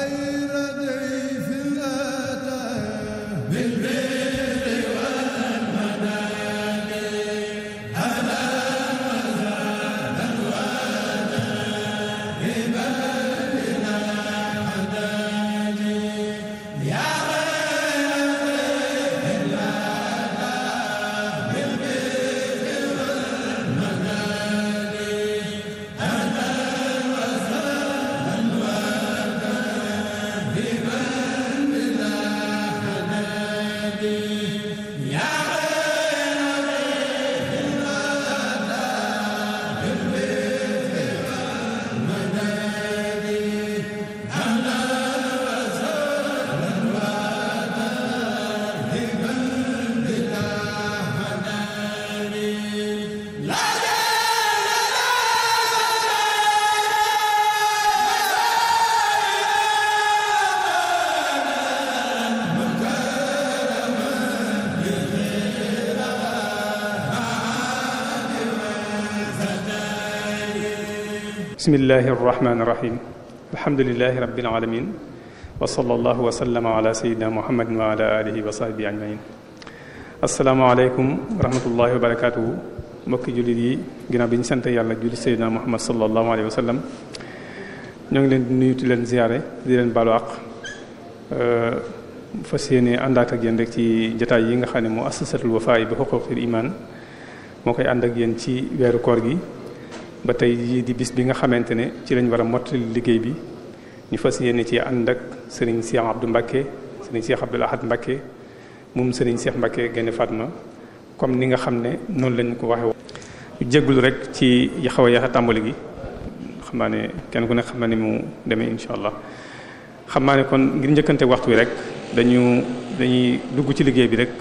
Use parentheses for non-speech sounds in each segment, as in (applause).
خير ضيف أتى bismillahi arrahmani irrahim alhamdulilahi rabbil alamin wa sallallahu wa sallama ala sayyidina muhammadin wa ala alihi wa sahbihi ajmain asalaamaaleykum wa rahmatullahi wa barakatuhu mbokki jullit yi ginnaaw bi ñu sant yàlla julli sayyidina muhammad sallallahu alayhi wa sallam ñoo ngi leen di nuyu di leen ziyaare di leen baalu àq fas rek ci jataay yi nga xam ne mu assasatul wafa bi xuquqil iman moo koy ànd ak ci weeru koor gi ba tey jii di bis bi nga xamante ne ci lañ war a mottali liggéey bi ñu fas yéene ci ànd ak sëriñ Cheikh Abdou Mbacké sëriñ Cheikh Abdoul Ahad Mbacké moom sëriñ Cheikh Mbacké génne Fatma comme ni nga xam ne noonu lañ ko waxee woon. jéggulu rek ci xaw a tàmbali gi xam naa ne kenn ku ne xam na ni mu demee incha allah xam naa ne kon njëkkante waxtu wi rek dañu dañuy dugg ci liggéey bi rek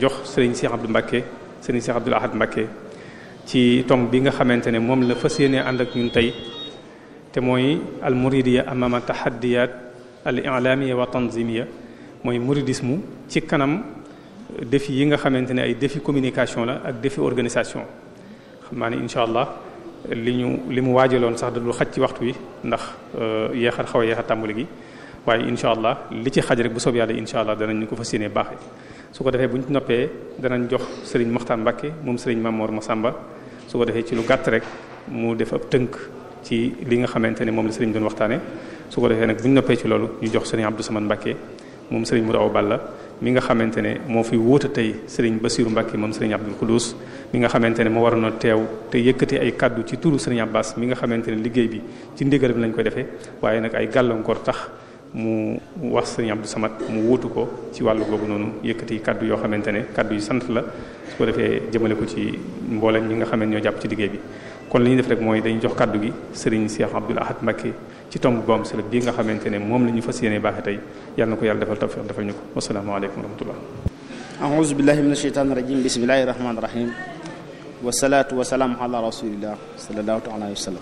jox sëriñ Cheikh Abdou Mbacké sëriñ Cheikh Abdoul Ahad ci tomb bi nga xamante ne moom la fas yéene ànd ak ñun tey te mooy al muridiya amama tahaddiyat al i'lamiyya wa tanzimiyya mooy muridisme ci kanam défi yi nga xamante ne ay défi communication la ak défi organisation xam naa ne incha allah li ñu li mu waajaloon sax da dul xaj ci waxtu wi ndax euh, yeexal xaw a yeexal tàmbali gi waaye incha allah li ci xaj rek bu soob yàlla incha allah danañ ñu ko fas yéene baaxee su ko defee bu ñu noppee danañ jox sëriñ Moxtaan Mbàkke moom sëriñ Mamor Masamba su ko defee ci lu gàtt rek mu def ab tënk ci li nga xamante ne moom la sëriñ doon waxtaane su ko defee nag bu ñu noppee ci loolu ñu jox sëriñ Abdou Samane Mbàkke moom sëriñ Mourao Balla mi nga xamante ne moo fi wóota tey sëriñ Basiru Mbàkke moom sëriñ Abdul Xudus mi nga xamante ne moo waroon na teew te yëkkati ay kàddu ci turu sëriñ Abbas mi nga xamante ne liggéey bi ci ndigal bi lañ koy defee waaye nag ay gàllankoor tax mu wax sëriñ Abdou samat mu wuutu ko ci wàllu googu noonu yëkkati kàddu yoo xamante ne kàddu yu sant la su ko defee jëmale ko ci mboolem ñi nga xam ne ñoo jàpp ci liggéey bi. kon li ñuy def rek mooy dañu jox kàddu gi sëriñ Cheikh Abdoul Ahad Mbacké ci tomb boom sëriñ bii nga xamante ne moom la ñu fas yéene baaxe tey yal na ko yàlla defal tawfiq defal ñu ko wasalaamaaleykum wa rahmatullah. a'uuzu billahi minash shaytaanir rajiim bismillahir rahmaanir rahiim wasalaatu wasalaamu ala rasulillah sallallahu alayhi wa sallam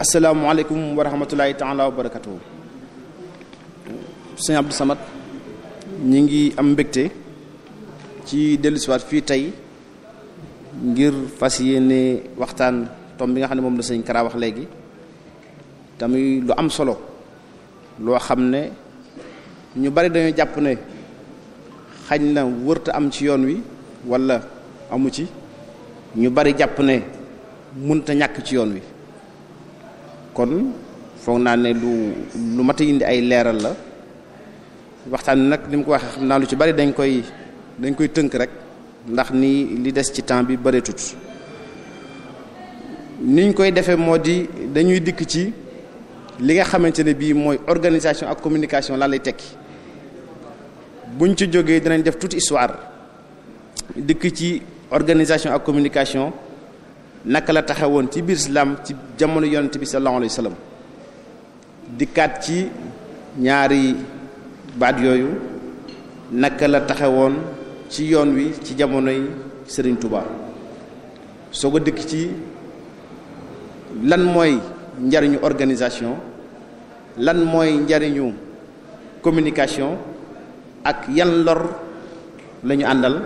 asalaamaaleykum wa rahmatulahi taala wa barakatuhu sëñ Abdou Samad ñi ngi am mbégte ci dellusiwaat fii tey ngir fas yéene waxtaan tom bi nga xam ne moom la sëñ Kara wax léegi tamit lu am solo loo xam ne ñu bari dañoo jàpp ne xañ na wërta am ci yoon wi walla amu ci ñu bari jàpp ne munta ñàkk ci yoon wi kon foog naa ne lu lu mat a indi ay leeral la waxtaan nag ni mu ko waxee xam naa lu ci bari dañ koy dañ koy tënk rek ndax nii li des ci temps bi bëreetut niñ koy defee moo di dañuy dikk ci li nga xamante ne bii mooy organisation ak communication lan lay tekki buñ ci jógee dinañ def toute histoire dikk ci organisation ak communication naka la woon ci biir islam ci jamono yonent bi sallallahu alayhi wa sallam dikkaat ci ñaari. baat yooyu naka la taxawoon ci yoon wi ci jamonoy Sëriñ Tuubaa soo ko dikk ci lan mooy njariñu organisation lan mooy njariñu communication ak yan lor la àndal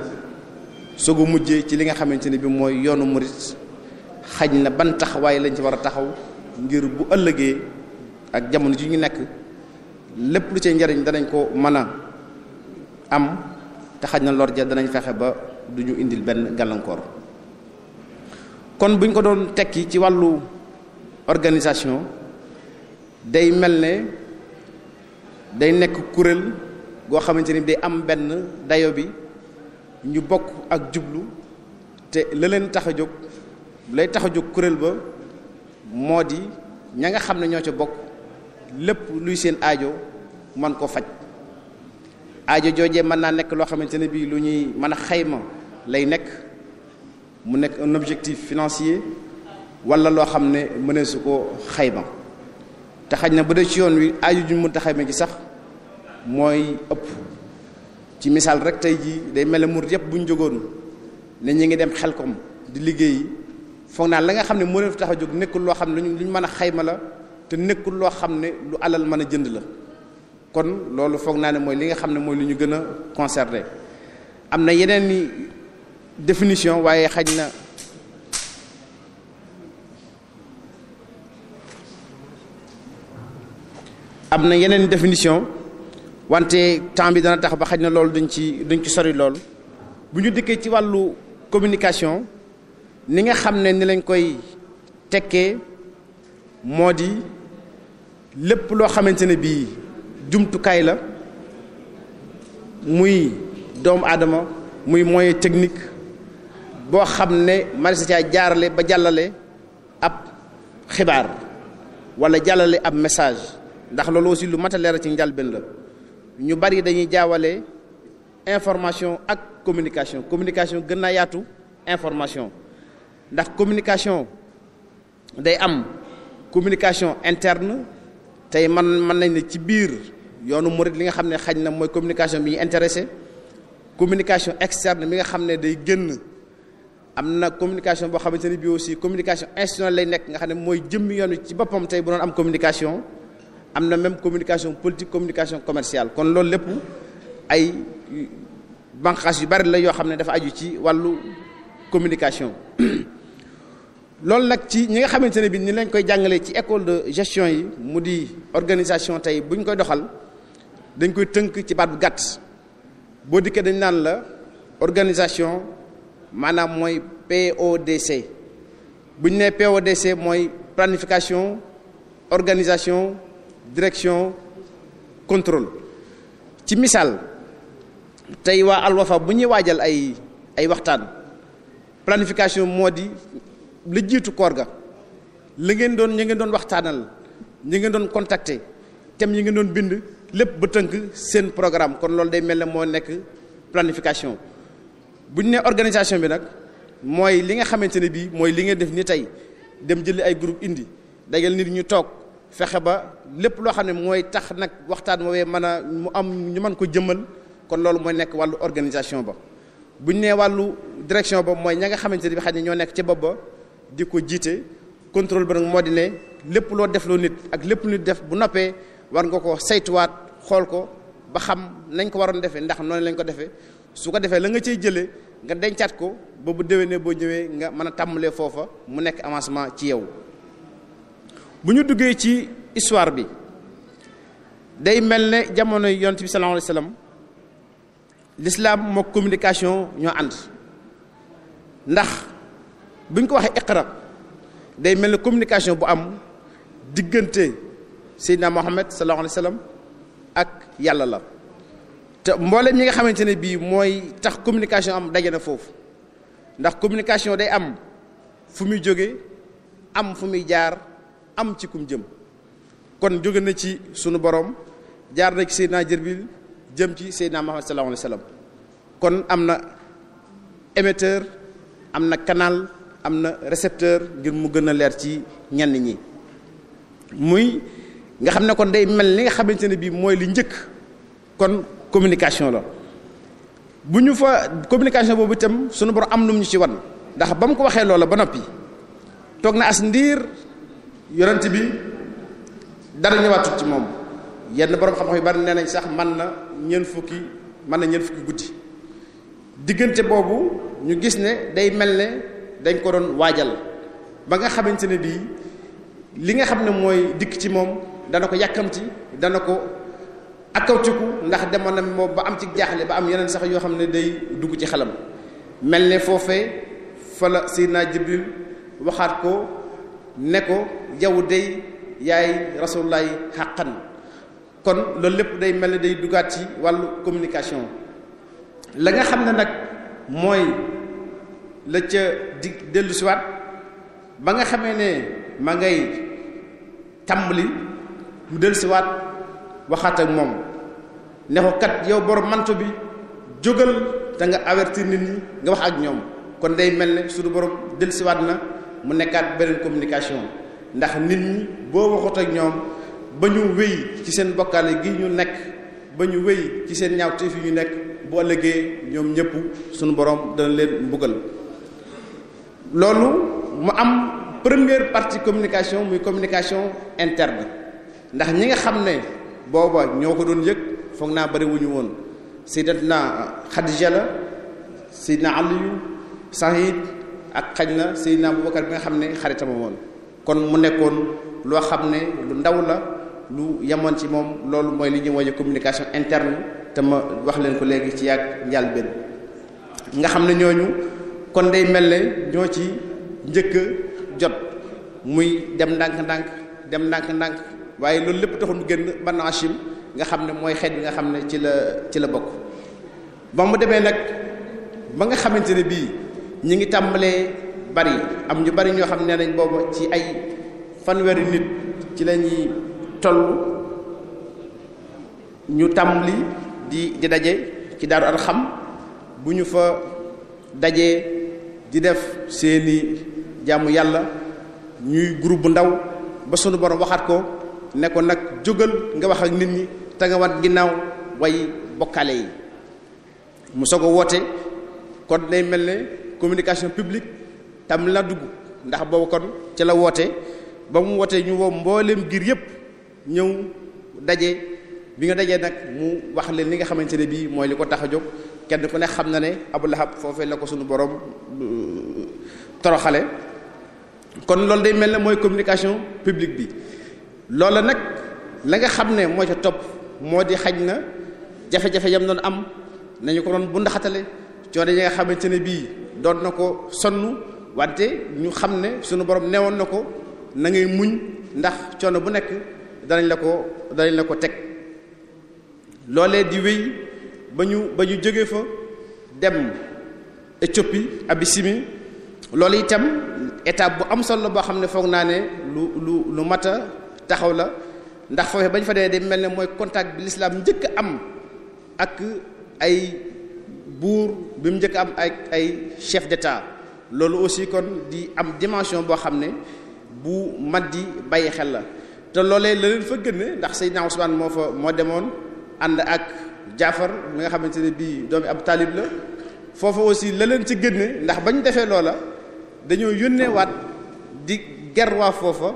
soo ko mujjee ci li nga xamante ne bi mooy yoonu murit xaj na ban taxawaay lañ ci war a taxaw ngir bu ëllëgee ak jamono ji ñu nekk lépp lu ci njariñ danañ ko mën a am te xaj na lor ja danañ fexe ba du ñu indil benn gàllankoor kon buñ ko doon tekki ci wàllu organisation day mel ne day nekk kuréel goo xamante ni day am benn dayo bi ñu bokk ak jublu te la leen tax a jóg lay tax a jóg kuréel ba moo di ña nga xam ne ñoo ca bokk lépp luy seen aajo man koo faj ajo joojee mën naa nekk loo xamante ne bii lu ñuy mën a xayma lay nekk mu nekk un objectif financier walla loo xam ne mënee su ko xayma te xaj na ba dee ci yoon wi aajo ju mënta xayma ji sax mooy ëpp ci misaal rek tey jii day mel ne murit yëpp bu ñu jógoon ne ñu ngi dem xel koom di liggéey foog naa la nga xam ne mënee tax a jóg nekkul loo xam ne lu ñu mën a xayma la te nekkul loo xam ne lu alal mën a jënd la kon loolu foog naa ne mooy li nga xam ne mooy lu ñu gën a concerné am na yeneen i définition waaye xaj na am na yeneen définition wante temps bi dana tax ba xaj na loolu duñ ci duñ ci sori lool bu ñu dikkee ci wàllu communication ni nga xam ne ni lañ koy tekkee moo di lépp loo xamante ne bii jumtukaay la muy doomu aadama muy moyen technique boo xam ne mënees caa jaarale ba jàllale ab xibaar wala jàllale ab message ndax loolu aussi lu mat a ci njëlbéen la ñu bari dañuy jaawale information ak communication communication gën naa yaatu information ndax communication day am communication interne. tey man mën nañ ne ci biir yoonu murid li nga xam ne xaj na mooy communication bi ñu intéressé communication externe mi nga xam ne day génn am na communication boo xamante ne bii aussi communication institutionnelle lay nekk nga xam ne mooy jëmmi yoon wi ci boppam tey bu doon am communication am na même communication politique communication commerciale kon loolu lépp ay banqaas yu bari la yoo xam ne dafa aju ci wàllu communication (clears throat) loolu nag ci ñi nga xamante ne bi ni lañ koy jàngalee ci école de gestion yi mu di organisation tey bu ñu koy doxal dañ koy tënk ci baat bu gàtt boo dikkee dañ naan la organisation maanaam mooy PODC bu ñu nee PODC mooy planification organisation direction contrôle ci misaal tey waa Al bu ñuy waajal ay ay waxtaan planification moo di li jiitu koor ga li ngeen doon ñu ngeen doon waxtaanal ñi ngeen doon contacter thème yi ngeen doon bind lépp ba tënk seen programme kon loolu day mel na moo nekk planification bu nee organisation bi nag mooy li nga xamante ne bii mooy li ngeen def ni tey dem jëli ay indi dajal nit ñu toog fexe ba lépp loo xam ne mooy tax nag waxtaan woowee mën a mu am ñu man ko jëmmal kon loolu mooy nekk wàllu organisation ba bu ñu nee wàllu direction ba mooy ña nga xamante ne bii xaj ne ñoo nekk ci bopp ba. di ko jiite contrôle ba nag moo di ne lépp loo defloo nit ak lépp lu nit def bu noppee war nga ko saytuwaat xool ko ba xam nañ ko waroon defee ndax noonu lañ ko defee su ko defee la nga cey jëlee nga dencaat ko ba bu déwénee boo ñëwee nga mën a tàmbalee foofa mu nekk avancement ci yow. bu ñu duggee ci histoire bi day mel ne jamono yonent bi sallallahu alayhi wasallam l'islam moo communication ñoo ànd ndax bu ñu ko waxee iqra day mel ne communication bu am diggante Seydina Mohamed sallallahu alayhi wa sallam ak yàlla la te mboolem ñi nga xamante ne bii mooy tax communication am daje na foofu ndax communication day am fu muy jóge am fu muy jaar am ci kum jëm kon jóge na ci sunu borom jaar na ci Seydina Jibril jëm ci Seydina Mohamed sallallahu alayhi wa sallam kon am na émetteur am na canal. am na récepteur ngir mu gën a leer ci ñenn ñi muy nga xam ne kon day mel li nga xamante ne bii mooy li njëkk kon communication la bu ñu fa communication boobu itam sunu borom am nu ñu ci wan ndax ba mu ko waxee loola ba noppi toog na as ndiir yonent bi dara ñëwaatut ci moom yenn borom xam-xam yu bari nee nañ sax man na ñeent fukki man na ñeent fukki guddi diggante boobu ñu gis ne day mel ne. dañ ko doon waajal ba nga xamante ne bii li nga xam ne mooy dikk ci moom dana ko yàkkamti dana ko akkawtiku ndax demoon na moom ba am ci jaaxle ba am yeneen sax yoo xam ne day dugg ci xelam mel ne foofee fala si Seydina Jibril waxaat ko ne ko yow day yaay rasulullaay xàqan kon loolu lépp day mel ne day duggaat ci wàllu communication la nga xam ne nag mooy la ca di dellu ba nga xamee ne ma ngay tàmbali mu dellu siwaat waxaat ak moom ne yow borom manto bi jógal te nga avertir nit ñi nga wax ak ñoom kon dey mel ne suñu borom dellu siwaat na mu nekkaat beneen communication ndax nit ñi boo waxut ak ñoom ba ñu wéy ci seen bokkaale gi ñu nekk ba ñu wéy ci seen ñaawteef yi ñu nekk boo ëllëgee ñoom ñëpp suñu borom dana leen mbugal loolu mu am première partie communication muy communication interne ndax ñi nga xam ne booba ñoo ko doon yëg foog naa bariwuñu bëri wuñu woon sayyidatna Xadija la sayyidna Aliyu Sahid ak xaj na sayyidna Abubakar bi nga xam ne xaritama woon kon mu nekkoon loo xam ne lu ndaw la lu yemoon ci moom loolu mooy li ñuy wooye communication interne te ma wax leen ko léegi ci yàgg njàlbéen nga xam ne ñooñu kon day mel ne ñoo ci njëkk jot muy dem ndànk-ndànk dem ndànk-ndànk waaye loolu lépp taxul mu génn Banu nga xam ne mooy xeet bi nga xam ne ci la ci la bokk ba mu demee nag ba nga xamante ne bii ñi ngi tàmbalee bari am ñu bari ñoo xam ne nañ boobu ci ay fanweeri nit ci la ñuy toll ñu tàmbali di di daje ci daaru arxam bu ñu fa dajee di def seeni jàmm yàlla ñuy groupe bu ndaw ba sunu borom waxaat ko ne ko nag jógal nga wax ak nit ñi te nga wat ginnaaw way bokkale yi mu soog a woote kon day mel ne communication publique tam la dugg ndax boobu kon ci la woote ba mu wootee ñu woo mbooleem ngir yëpp ñëw daje bi nga dajee nag mu wax leen li nga xamante ne bii mooy li ko tax a jóg kenn ku ne xam na ne abu lahab foofee la ko suñu borom euh, toroxale kon loolu day mel na mooy communication publique bi loola nag la nga xam ne moo ca topp moo di xaj na jafe-jafe yam doon am nañu ko doon bundaxatale coono yi nga xamante ne bii doon na ko sonn wante ñu xam ne sunu borom newoon na ko na ngay muñ ndax coono bu nekk danañ la ko danañ la ko teg loolee di wéy ba ñu ba ñu jóge fa dem Éthiopie Abyssinie loolu itam étape bu am solo boo xam ne foog naa ne lu lu lu mat a taxaw la ndax foofee bañ fa demee de mel ne mooy contact bi mu njëkk am ak ay buur bi mu njëkk am ay ay chef d'état loolu aussi kon di am dimension boo xam ne bu mat di bàyyi xel la te loolee la leen fa gën ndax Seydina Ousmane moo fa moo demoon ànd ak. jaafar mi nga xamante ne bii doomi ab taalib la foofa aussi la leen ci génne ndax bañ defee loola dañoo yónneewaat di ger waa foofa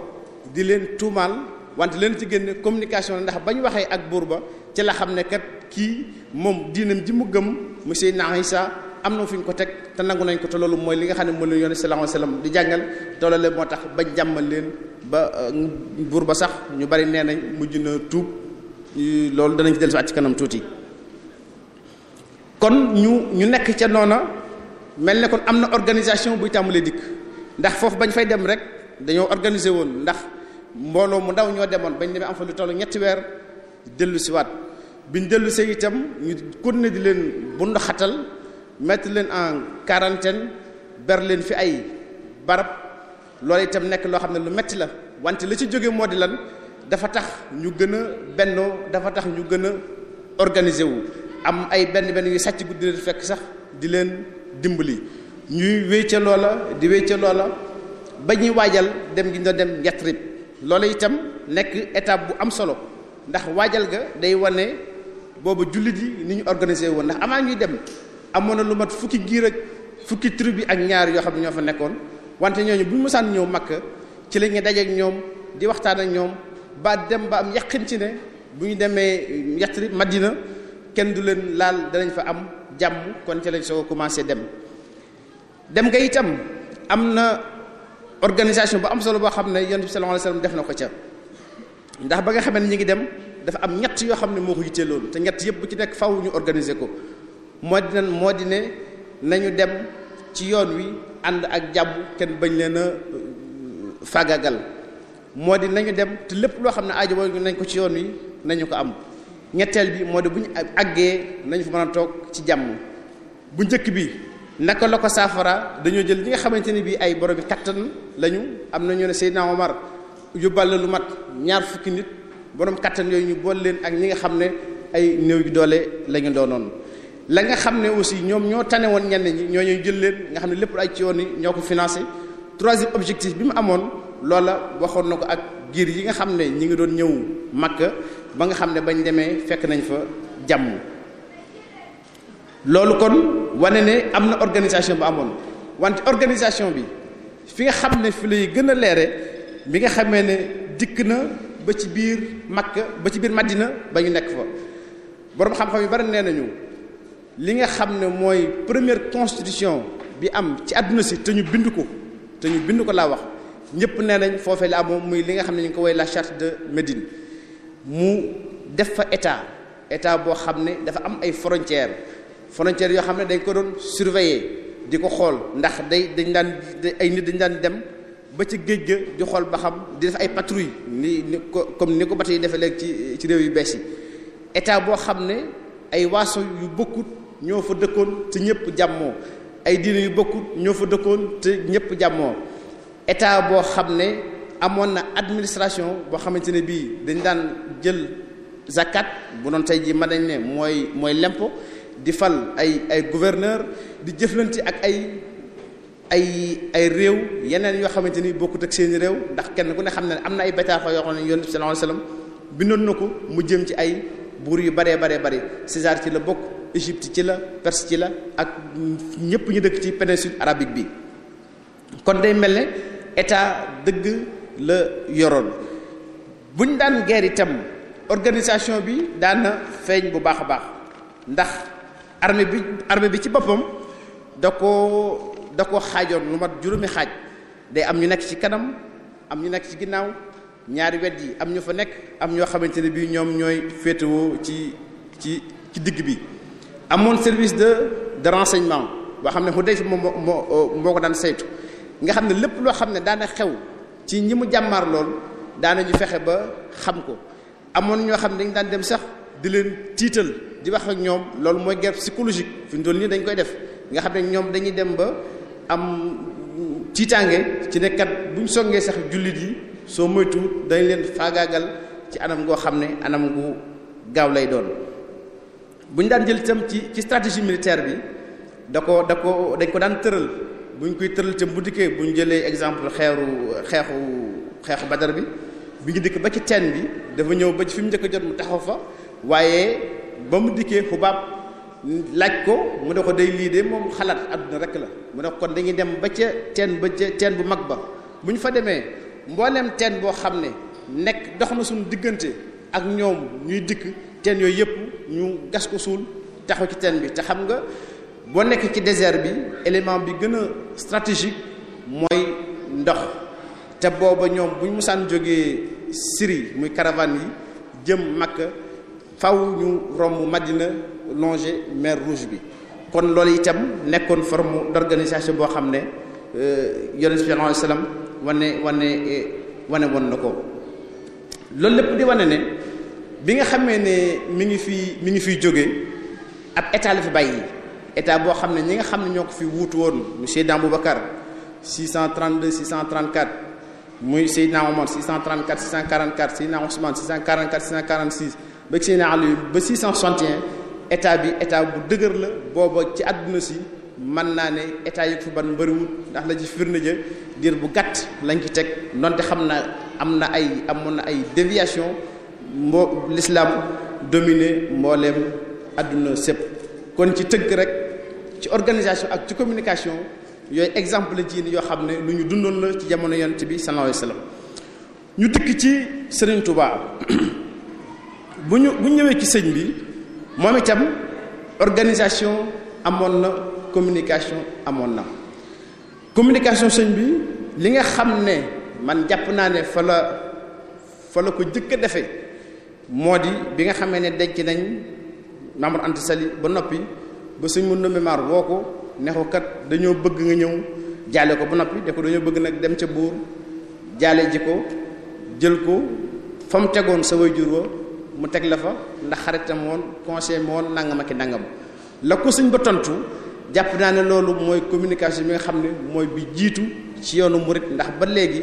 di leen tuumaal wante leen ci génne communication ndax ba ñu waxee ak buur ba ci la xam ne kat kii moom diinam ji mu gëm monsieur na Isa am na fi ñu ko teg te nangu nañ ko te loolu mooy li nga xam ne moo leen yónnee sallallahu alayhi wasallam di jàngal te moo tax ba jàmmal leen ba euh, buur ba sax ñu bari nee nañ mujj na tuub loolu danañ ci dellusiwaat ci kanam tuuti. kon ñu ñu nekk ca noona mel ne kon am na organisation buy tàmbalee dikk ndax foofu bañ fay dem rek dañoo organiser woon ndax mbooloo mu ndaw ñoo demoon bañ demee am fa lu tollu ñetti weer dellu si waat biñ dellu see itam ñu na di leen bund xatal mettre leen en quarantaine ber leen fi ay barab loolu itam nekk loo xam ne lu metti la wante la ci jóge moo di lan dafa tax ñu gën a bennoo dafa tax ñu gën a organiser wu am ay benn benn yu sàcc guddi leen fekk sax di leen dimbali ñuy wéy ca loola di wéy ca loola ba ñuy waajal dem gi ñu doon dem Yatrib loola itam nekk étape bu am solo ndax waajal ga day wane boobu jullit yi ni ñu organisé woon ndax amaa ñuy dem amoon na lu mat fukki giir ak fukki bi ak ñaar yoo xam ne ñoo fa nekkoon wante ñooñu bu ñu mosaan ñëw Makka ci la ñuy dajeek ñoom di waxtaan ak ñoom ba dem ba am yaqin ci ne bu ñu demee Yatrib Madina kenn du leen laal danañ fa am jàmm kon ca lañ soo commencé dem dem nga itam am na organisation bu am solo boo xam ne yonent bi sallallahu alayhi wasallam def na ko ca ndax ba nga xamee ne ñu ngi dem dafa ñett yoo xam ne moo ko yittee loolu te ñett bu ci nekk faw ñu organiser ko moo di nan di ne nañu dem ci yoon wi ànd ak jàmm kenn bañ leen a fagagal moo di nañu dem te lépp loo xam ne aajo nañ ko ci yoon wi nañu ko am ñetteel bi moo di bu ñu àggee nañ fa mën a toog ci jàmm bu njëkk bi naka la ko saafara dañoo jël ñi nga xamante ni bii ay borom bi kattan lañu am na ñu ne Seydina Omar yóbbal la lu mat ñaar fukki nit borom kattan yooyu ñu bool leen ak ñi nga xam ne ay néew yu doole la ñu doonoon. la nga xam ne aussi ñoom ñoo tane woon ñenn ñi ñoo ñuy jël leen nga xam ne lépp lu ay ci yoon yi ñoo ko financé troisième objectif bi mu amoon loola waxoon na ko ak. giir yi nga xam ne ñi ngi doon ñëw Makka ba nga xam ne bañ demee fekk nañ fa jàmm loolu kon wane ne am na organisation bu amoon wante organisation bi fi nga xam ne fi lay gën a leere bi nga xamee ne dikk na ba ci biir Makka ba ci biir màddina ba ñu nekk fa boroom xam-xam yu bari nee nañu li nga xam ne mooy première constitution bi am ci àdduna si te ñu bind ko te ñu bind ko laa wax ñëpp nee nañ foofee la amoon muy li nga xam ne ñu ngi ko woy la charte de Médine mu def fa état état boo xam ne dafa am ay frontières frontières yoo xam ne dañ ko doon surveiller di ko xool ndax day dañ daan ay nit dañ daan dem ba ci géej ga di xool ba xam di def ay patrouille ni ni ko comme ni ko bateau yi defee lekk ci ci réew yu bees yi état boo xam ne ay waaso yu bokkut ñoo fa dëkkoon te ñëpp jàmmoo ay diine yu bokkut ñoo fa dëkkoon te ñëpp jàmmoo état boo xam ne amoon na administration boo xamante ne bii dañ daan jël zakat bu doon tey jii ma nañ ne mooy mooy lempo di fal ay ay gouverneur di jëflante ak ay ay ay réew yeneen yoo xamante ni bokkut ak seeni réew ndax kenn ku ne xam ne am na ay bataaxal yoo xam ne yonent bi sallallahu alayhi wasallam bindoon na ko mu jëm ci ay buur yu baree baree bari César ci la bokk Égypte ci la Perse ci la ak ñëpp ñu dëkk ci péninsule arabique bi kon day mel ne état dëgg la yoroon buñ daan guerre itam organisation bi daan na feeñ bu baax a baax ndax armée bi armée bi ci boppam da ko da ko xaajoon lu mat juróomi xaaj day am ñu nekk ci kanam am ñu nekk ci ginnaaw ñaari wet yi am ñu fa nekk am ñoo xamante ne bii ñoom ñooy féetewoo ci ci ci digg bi amoon service de de renseignement boo xam ne mu dey moo moo moo ko daan saytu nga xam ne lépp loo xam ne daana xew ci ñi mu jàmmaar lool ñu fexe ba xam ko amoon ñoo xam ne dañ daan dem sax di leen tiital di wax ak ñoom loolu mooy guerre psychologique fi mu toll nii dañ koy def nga xam ne ñoom dañuy dem ba am tiitaange ci nekkat buñ songee sax jullit yi soo moytu dañ leen faagaagal ci anam goo xam ne anam gu gaaw lay doon buñ daan jël tam ci ci stratégie militaire bi da ko da ko dañ ko daan tëral bu buñ koy tëral tam bu dikkee buñ jëlee exemple xeeru xeexu xeexu badar bi bi ngi dikk ba ci teen bi dafa ñëw ba ci fi mu njëkk a jot mu taxaw fa waaye ba mu dikkee xubaab laaj ko mu ne ko day lii de moom xalaat àdduna rek la mu ne ko kon dañuy dem ba ca teen ba ca teen bu mag ba bu ñu fa demee mbooleem teen boo xam ne nekk dox na suñu diggante ak ñoom ñuy dikk teen yooyu yëpp ñu gas ko suul taxaw ci teen bi te xam nga boo nekk ci désert bi élément bi gën a stratégique mooy ndox te booba ñoom buñ ñu musaan jógee Syrie muy caravane yi jëm Makka faw ñu romb Madina longer mer Rouge bi kon loolu itam nekkoon forme d'organisation boo xam ne euh, yonent bi salaam wane wane wane woon na ko loolu lépp di wane ne bi nga xamee ne mi ngi fi mi ngi fi jóge ab état la fi bàyyi état boo xam ne ñi nga xam ne ñoo ko fi wuutu woon muy Seydina Aboubacar 632 634 muy Seydina Omar 634 644 Seydina Ousmane 644 646 ba Seydina Ali ba 661 état bi état bu dëgër la booba ci àdduna si mën naa ne état yi ko fi ban mbëriwul ndax la ci firnde ja diir bu gàtt lañ ci teg donte xam na am na ay amoon na ay déviation mbo l'islam dominé mbooleem àdduna sépp kon ci tëgg rek ci organisation ak ci communication yooyu exemple la ci yoo xam ne lu ñu dundoon la ci jamono yonent bi sallallahu alayhi wasallam ñu dikk ci Serigne Touba (coughs) bu ñu bu ñëwee ci sëñ bi moom itam organisation amoon na communication amoon na communication sëñ bi li nga xam ne man jàpp naa ne fa la fa la ko jëkk a defee moo di bi nga xamee ne denc nañ. Mamour Anta Sali ba noppi ba suñ mën nomé maar woo ko ne kat dañoo bëgg nga ñëw jaale ko ba noppi de ko dañoo bëgg nag dem ca buur jaale ji ko jël ko fa mu tegoon sa way jur wa mu teg la fa ndax xaritam woon conseil ma woon nangam ak nangam la ko suñ ba tontu jàpp naa ne loolu mooy communication bi nga xam ne mooy bi jiitu ci yoonu murit ndax ba léegi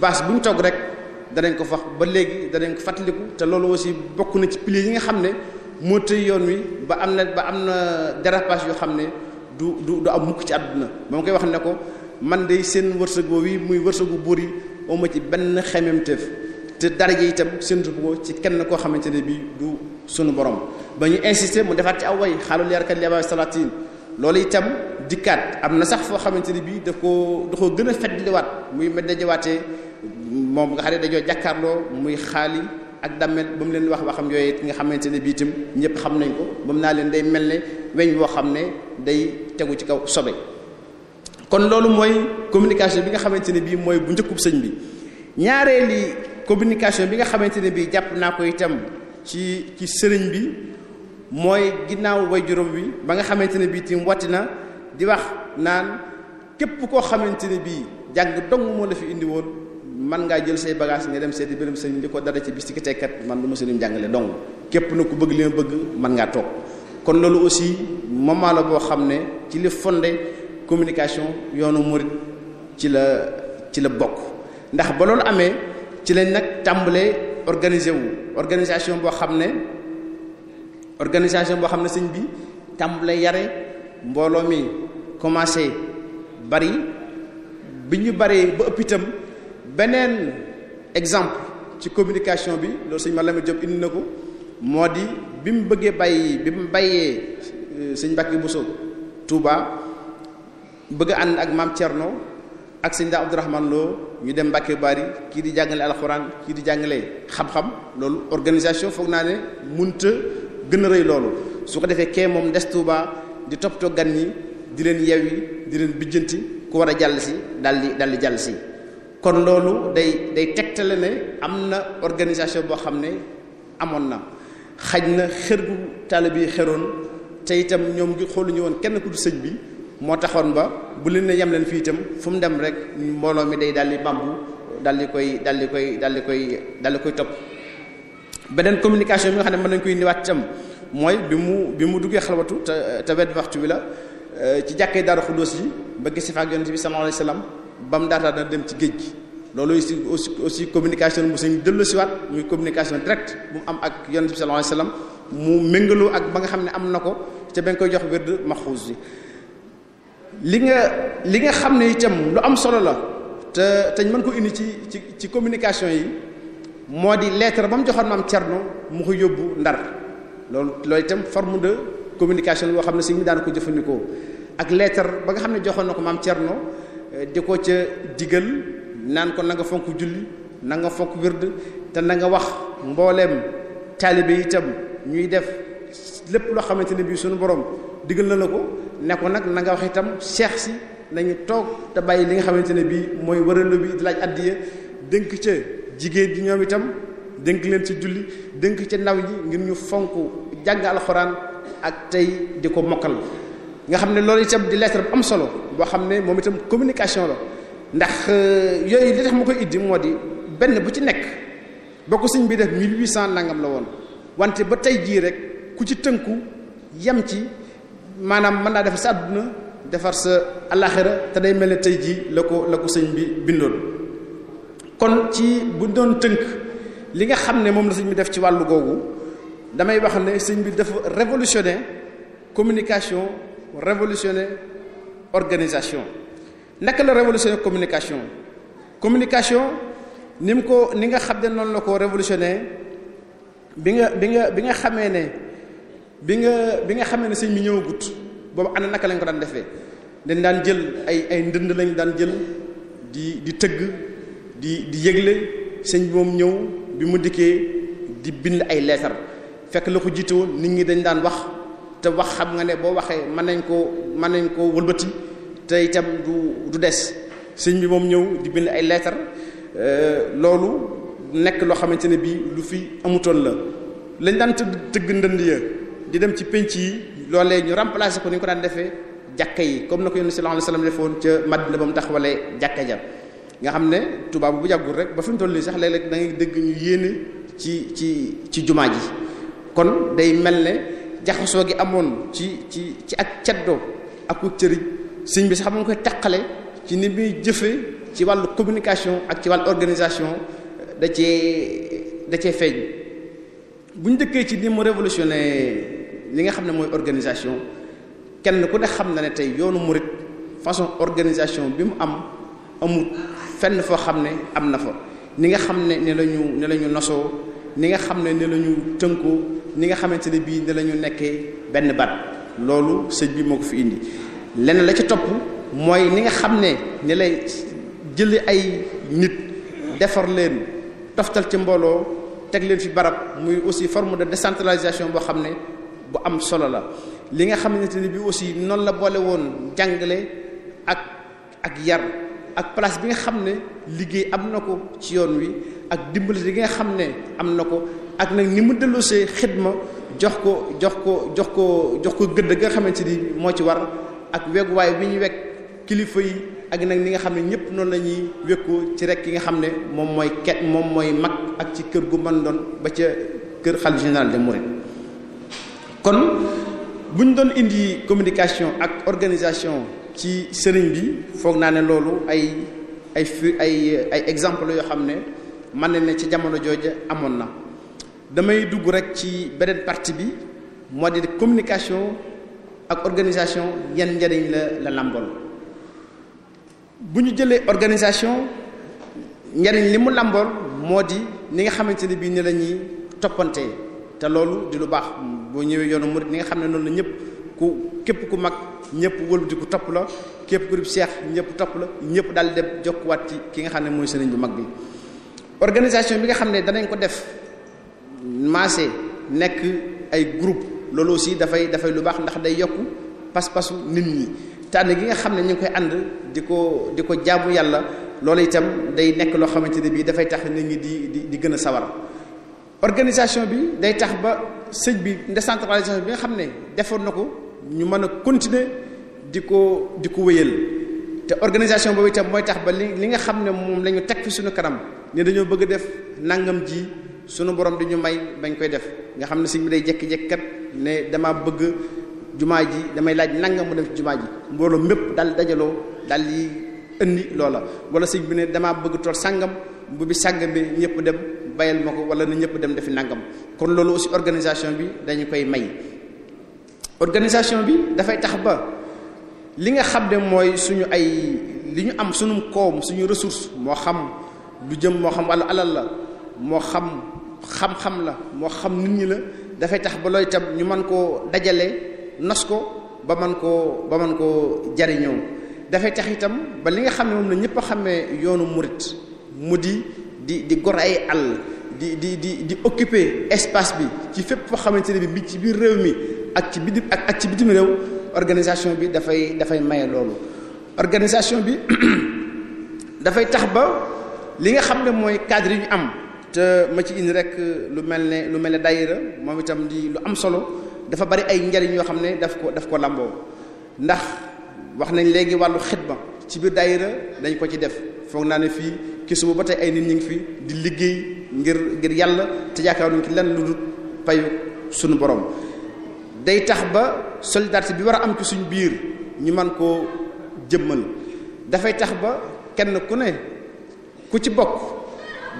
base bu mu toog rek danañ ko fax ba léegi danañ ko fàttaliku te loolu aussi bokk na ci piliers yi nga xam ne moo tëy yoon wi ba am na ba am na dérapage yoo xam ne du du du am mukk ci àdduna ba ma koy wax ne ko man de seen wërsëg boobu muy wërsëgu buur yi oma ci benn xememteef te daraje itam séntu ko ci kenn koo xamante ne bii du sunu borom ba ñu insisté mu defaat ci aw way xaalul yarkat liabawi salaatin loolu itam dikkaat am na sax foo xamante ne bii daf koo da koo gën a fetliwaat muy mel dajawaatee moom nga xam ne dañoo jàkkaarloo muy xaali ak dammet ba mu leen wax waxam yooyu nga xamante ne bii itam ñëpp xam nañ ko ba mu naa leen day mel ne weñ boo xam ne day tegu ci kaw sobe kon loolu mooy communication bi nga xamante ne bii mooy bu njëkkub sëñ bi ñaareeli communication bi nga xamante ne bii jàpp naa ko itam ci ci sëriñ bi mooy ginnaaw way juróom wi ba nga xamante ne bii itam watti na di wax naan képp koo xamante ne bii jàng dong moo la fi indi woon man ngaa jël say bagage nga dem seeti benn sëriñ li ko dara ci bis ci tekkat man du ma sëriñ jàngale dong képp na ku bëgg li ma bëgg man ngaa toog kon loolu aussi moment la boo xam ne ci li fondé communication yoonu murit ci la ci la bokk ndax ba loolu amee ci lañ nag tàmbalee organiser wu organisation boo xam ne organisation boo xam ne sëñ bi tàmbalee yare mbooloo mi commencé bari bi ñu baree ba ëpp itam beneen exemple ci communication bi loolu sëñ Malamine Diop indi na ko moo di bi mu bëggee bàyyi bi mu bàyyee euh, sëñ Mbacke Bousso Touba bëgg a ànd ak maam Thierno ak sëñ Daa Abdourahman Lo ñu dem Mbacke Bari kii di jàngale alxuraan kii di jàngale xam-xam loolu organisation foog naa ne munta gën a rëy loolu su ko defee kee moom des Touba di toppatoo gan ñi di leen yewi di leen bijjanti ku war a jàll si daal di daal di jàll si. kon loolu day day tegtale ne am na organisation boo xam ne amoon na xaj na xër gu taalibe yi xeroon te itam ñoom ngi ñu woon kenn ku du bi moo taxoon ba bu leen ne leen fii itam fu mu dem rek mbooloo mi day daal di bambu daal di koy daal koy daal koy daal koy topp. beneen communication bi nga xam ne mën nañ koy indiwaat itam mooy bi mu bi mu duggee xalwatu te te wet waxtu bi la euh, ci jàkkee Daaru Xuddoos yi ba gis fa ak Yonent bi sallallahu alayhi wasallam ba mu daataa dana dem ci géej gi loolu aussi aussi communication bu sëñ dellu siwaat muy communication directe mu am ak yonent bi sallallahu alayhi mu méngaloo ak ba nga xam ne am na ko ca ba koy jox wird maxuus bi li nga li nga xam ne itam lu am solo la te teñ mën ko indi ci ci ci communication yi moo di lettre ba mu joxoon maam Cerno mu ko yóbbu ndar loolu loolu itam forme de communication boo xam ne si ñu daan ko jëfandikoo ak lettre ba nga xam ne joxoon na ko maam Cerno di ko ca digal naan ko nanga fonk julli na nga fonk wird te na nga wax mbooleem taalibe itam ñuy def lépp loo xamante ne bii suñu borom digal na la ko ne ko nag na nga wax itam seex si nañu toog te bàyyi li nga xamante ne bii mooy waral bi di laaj addiya dënk ca jigéen ji ñoom itam dënk leen ci julli dënk ca ndaw ji ngir ñu fonk jàng alxuraan ak tey di ko mokkal nga xam ne loolu itam di lettre bu am solo boo xam ne moom itam communication la ndax euh, yooyu li tax mu koy iddi moo di benn bu ci nekk boo ko sëñ bi def 1800 nangam la woon wante ba tey jii rek ku ci tënku yem ci maanaam mën naa defar sa àdduna defar sa alaxira te day mel ni tey jii la ko la ko sëñ bi bindoon kon ci bu doon tënk li nga xam ne moom la sëñ bi def ci wàllu googu damay wax ne sëñ bi dafa révolutionné communication révolutionner organisation naka la révolutionner communication communication ni mu ko ni nga xam ne noonu la ko révolutionner bi nga bi nga bi nga xamee ne bi nga bi nga xamee ne sëñ mi ñëwagut boobu am ana naka lañ ko daan defee dañ daan jël ay ay ndënd lañu daan jël di di tëgg di di yëgle sëñ bi moom ñëw bi mu dikkee di bind ay leetar fekk la ko jiite nit ñi dañ daan wax te wax xam nga ne boo waxee mën nañ koo mën nañ koo wëlbati te itam du du des sëñ bi moom ñëw di bind ay leetar euh, loolu nekk loo xamante ne bii lu fi amutoon la lañ daan tëgg tëgg ndënd ya di dem ci penc yi loolee ñu remplacer ko ni ko daan defee jàkka yi comme na ko yonent sallallahu alayhi wasallam defoon ca Madina ba mu taxawalee jàkka ja nga xam ne tubaab bu jàggul rek ba fi mu toll nii sax léeg-léeg da dégg ñu yéene ci ci ci jumaa ji kon day mel ne jaxasoo gi amoon ci ci ci ak caddoo ak ku cëriñ sëñ bi sax mu ngi koy taqale ci ni muy jëfee ci wàllu communication ak ci wàllu organisation da cee da cee feeñ bu njëkkee ci ni mu révolutionné li nga xam ne mooy organisation kenn ku ne xam na ne tey yoonu murit façon organisation bi mu am amul fenn foo xam ne am na fa ni nga xam ne ne la ñu ne lañu ñu nosoo. ni nga xam ne ni la ñu tënkoo ni nga xamante ne bii ni la nekkee benn bat loolu sëñ bi moo ko fi indi lenn la ci topp mooy ni nga xam ne ni lay jëli ay nit defar leen toftal ci mbooloo teg leen fi barab muy aussi forme de décentralisation boo xam ne bu am solo la li nga xamante ne bii aussi noonu la boole woon jàngale ak ak yar ak place bi nga xam ne liggéey am na ko ci yoon wi ak dimbali bi nga xam ne am na ko ak nag ni mu delloosee xidma jox ko jox ko jox ko jox ko gëdd nga xamante ni moo ci war ak weguwaay bi ñu wekk kilifa yi ak nag ni nga xam ne ñëpp noonu lañuy ñuy wekkoo ci rek ki nga xam ne moom mooy ket moom mooy mag ak ci kër gu mën doon ba ca kër xalifa général des mourides kon bu ñu doon indi communication ak organisation ci sëriñ bi foog naa ne loolu ay ay fi ay ay exemple yoo xam ne mën na ne ci jamono jooja amoon na damay dugg rek ci beneen partie bi moo di communication ak organisation yan njariñ la la làmbool bu ñu jëlee organisation njariñ li mu làmbool moo di ni nga xamante ni bii ni la ñuy toppantee te loolu di lu baax boo ñëwee yoonu murid ni nga xam ne noonu la ñëpp ku képp ku mag ñëpp wëlbatiku topp la képp groupe seex ñëpp topp la ñëpp daal dem jokkuwaat ci ki nga xam ne mooy sëriñ bu mag bi. organisation bi nga xam ne danañ ko def maase nekk ay groupe loolu aussi dafay dafay lu baax ndax day yokk pas-pasu nit ñi tànn ànd gi nga xam ne ñu ngi koy ànd di ko di ko jàmm yàlla loolu itam day nekk loo xamante ne bii dafay tax nit ñi di di di gën a sawar organisation bi day tax ba sëñ bi décentralisation bi nga xam ne defoon na ko. ñu mën a continuer di ko di ko wéyal te organisation boobu itam mooy tax ba li li nga xam ne moom la ñu teg fi suñu kanam ne dañoo bëgg def nangam ji suñu borom di ñu may bañ koy def nga xam ne sëñ bi day jékki-jékki kat ne dama bëgg jumaa ji damay laaj nangam mu def jumaa ji mbooloo mépp daal dajaloo daal yi indi loola wala sëñ bi ne damaa bëgg tool sangam bu bi sàngam bi ñëpp dem bayal ma ko wala na ñëpp dem defi nangam kon loolu aussi organisation bi dañu koy may organisation bi dafay tax ba li nga xam ne mooy suñu ay li ñu am suñu koom suñu ressource moo xam lu jëm moo xam wàllu alal la moo xam xam-xam la moo xam nit ñi la dafay tax ba looy tam ñu mën koo dajale nas ko ba mën koo ba mën koo jariñoo dafay tax itam ba li nga xam ne moom la ñëpp a xamee yoonu murit mu di di di gor ay àll di di di di occuper espace bi ci fépp foo xamante ne bi ci biir réew mi ak ci bitim ak ak ci bitim réew organisation bi dafay dafay maye loolu organisation bi (clears throat) dafay tax ba li nga xam ne mooy cadre yi ñu am te ma ci indi rek lu mel ne lu mel ne daayira moom itam lu am solo dafa bari ay njariñ yoo xam ne daf ko daf ko lamboo ndax wax nañ léegi wàllu xidma ci biir daayira dañ ko ci def foog naa ne fii ci suba ba tey ay nit ñu ngi fi di liggéey ngir ngir yàlla te yaakaaruñ ci lenn lu dul payu sunu borom day tax ba solidarité bi war a am ci suñu biir ñi man koo jëmmal dafay tax ba kenn ku ne ku ci bokk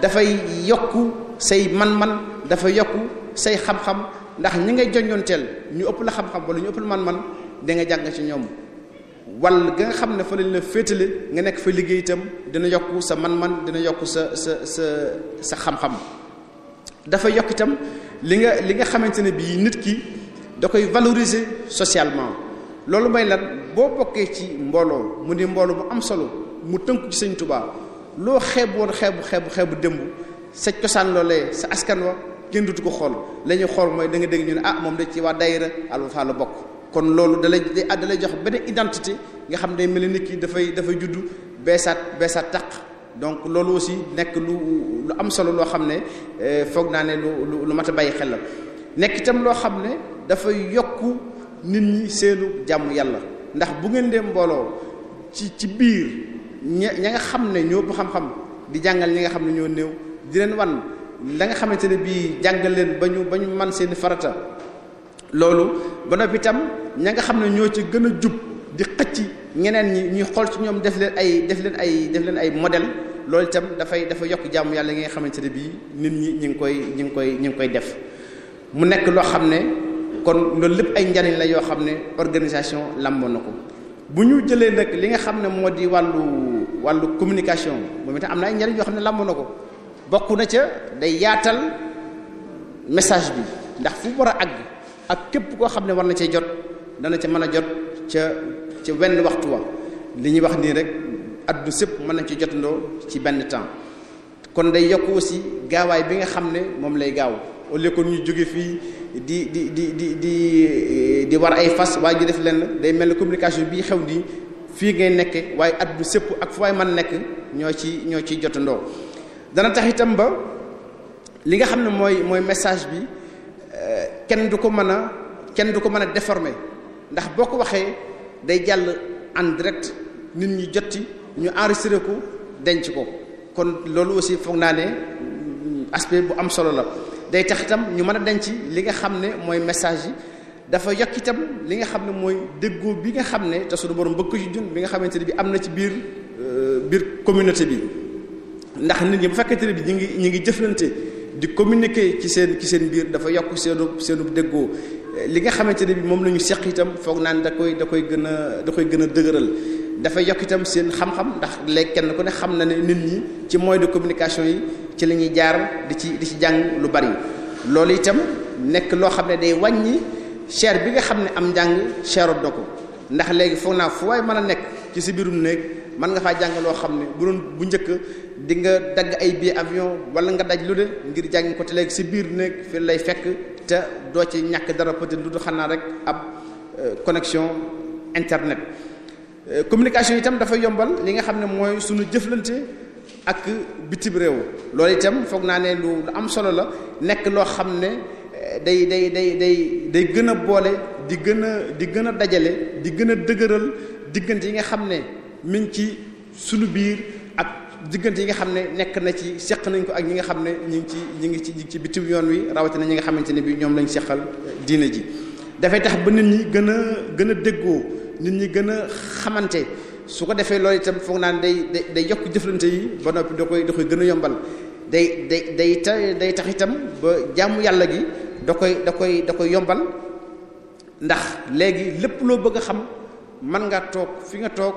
dafay yokk say man-man dafay yokk say xam-xam ndax ñi ngay jonjoonteel ñu ëpp la xam-xam wala ñu ëpp la man-man da nga jàng ci ñoom wal ga nga xam ne fa lañ la féetale nga nekk fa liggéey itam dina yokk sa man-man dina yokk sa sa sa sa xam-xam dafa yokk li nga li nga xamante ne bii nit ki da koy valoriser socialement loolu may lan boo bokkee ci mbooloo mu ni mbooloo mu am solo mu tënk ci Sëñ tubaab loo xeeb woon xeebu xeebu xeebu démb sa cosaan loolee sa askan wa kenn dutu ko xool la xool mooy da nga dégg ñu ne ah moom da ci waa daayira Al Wafa la bokk kon loolu dalay dalay jox benn identité nga xam day mel ni nit dafay dafay juddu beesaat beesaat taq donc loolu aussi nekk lu lu am solo loo xam ne eh, foog naa ne lu lu mat a bàyyi xel la nekk loo xam ne. dafa yokk nit ñi seenu jàmm yàlla ndax bu ngeen dee mbooloo ci ci biir ña ña nga xam ne ñoo bu xam-xam di jàngal ñi nga xam ne ñoo néew di wan la nga xamante ne bii jàngal leen ba ñu man seeni farata loolu ba noppi itam ña nga xam ne ñoo ci gën a jub di xëcc ñeneen ñi ñuy xool ci ñoom def leen ay def leen ay def leen ay modèle loolu itam dafay dafa yokk jàmm yàlla yi nga xamante ne bii nit ñi ñi ngi koy ñi ngi koy ñi koy def mu nekk loo xam ne kon loolu lépp ay njariñ la yoo xam ne organisation làmboon na ko bu ñu jëlee nag li nga xam ne moo di wàllu wàllu communication moom itam am na ay njariñ yoo xam ne làmboon na ko bokk na ca day yaatal message bi ndax fu war a àgg ak képp koo xam ne war na cee jot dana ca mën a jot ca ca wenn waxtu wa li ñuy wax nii rek addu sëpp mën nañ ci jotandoo ci benn temps kon day yokk aussi gaawaay bi nga xam ne moom lay gaaw au lieu ñu jóge fii di di di di di eh, di war ay fas waaye ju def lenn day mel ni communication bii xew di fii ngay nekke waaye at bu sëpp ak fu waay man nekk ñoo ci ñoo ciy jotandoo dana tax itam ba li nga xam ne mooy mooy message bi eh, kenn du ko mën a kenn du ko mën a déformer ndax boo ko waxee day jàll en direct nit ñi jotti ñu enregistré ko denc ko kon loolu aussi foog naa ne mm, aspect bu am solo la day tax itam ñu mën a denc li nga xam ne mooy message yi dafa yokk itam li nga xam ne mooy déggoo bi nga xam ne te suñu borom bëgg ko ci jun bi nga xamante ne bi am na ci biir euh, biir communauté bi ndax nit ñi bi ñu ngi ñu ngi jëflante di communiquer ci seen ci seen biir dafa yokk seenu seenu déggoo li nga xamante ne bi moom lañu seq itam foog naan da koy da koy gën a da koy gën a dëgëral dafa yokk itam seen xam-xam ndax léegi kenn ku ne xam na ne nit ñi ci moyen de communication yi ci lañuy jaar di ci di ci jàng lu bari loolu itam nekk loo xam ne day wàññi cher bi nga xam ne am njàng cheroot na ko ndax léegi foog naa fu waay mën a nekk ci si biirum néeg mën nga faa jàng loo xam ne bu doon bu njëkk di nga dagg ay bii avion wala nga daj lu de ngir jàng ko te léegi si biir néeg fi lay fekk te doo ci ñàkk dara peut-être lu dul xanaa rek ab euh, connection internet euh, communication itam dafa yombal li nga xam ne mooy sunu jëflante ak bitim réew loolu itam foog naa ne lu lu am solo la nekk loo xam ne eh, day day day day day gën a boole di gën a di gën a dajale di gën a dëgëral diggante yi nga xam ne mi ci sunu biir ak diggante yi nga xam ne nekk na ci seq nañ ko ak ñi nga xam ne ñi ngi ci ñi ngi ci ñi ci bitim yoon wi rawatina ñi nga xamante ni bi ñoom lañ seqal eh, diine ji dafay tax ba nit ñi gën a gën a déggoo nit ñi gën a xamante su ko defee loolu itam foog naa ne day day day yokk jëflante yi ba noppi da koy gën a yombal day day day ta day tax itam ba jàmm yàlla gi da koy da koy da koy yombal ndax léegi lépp loo bëgg a xam mën nga toog fi nga toog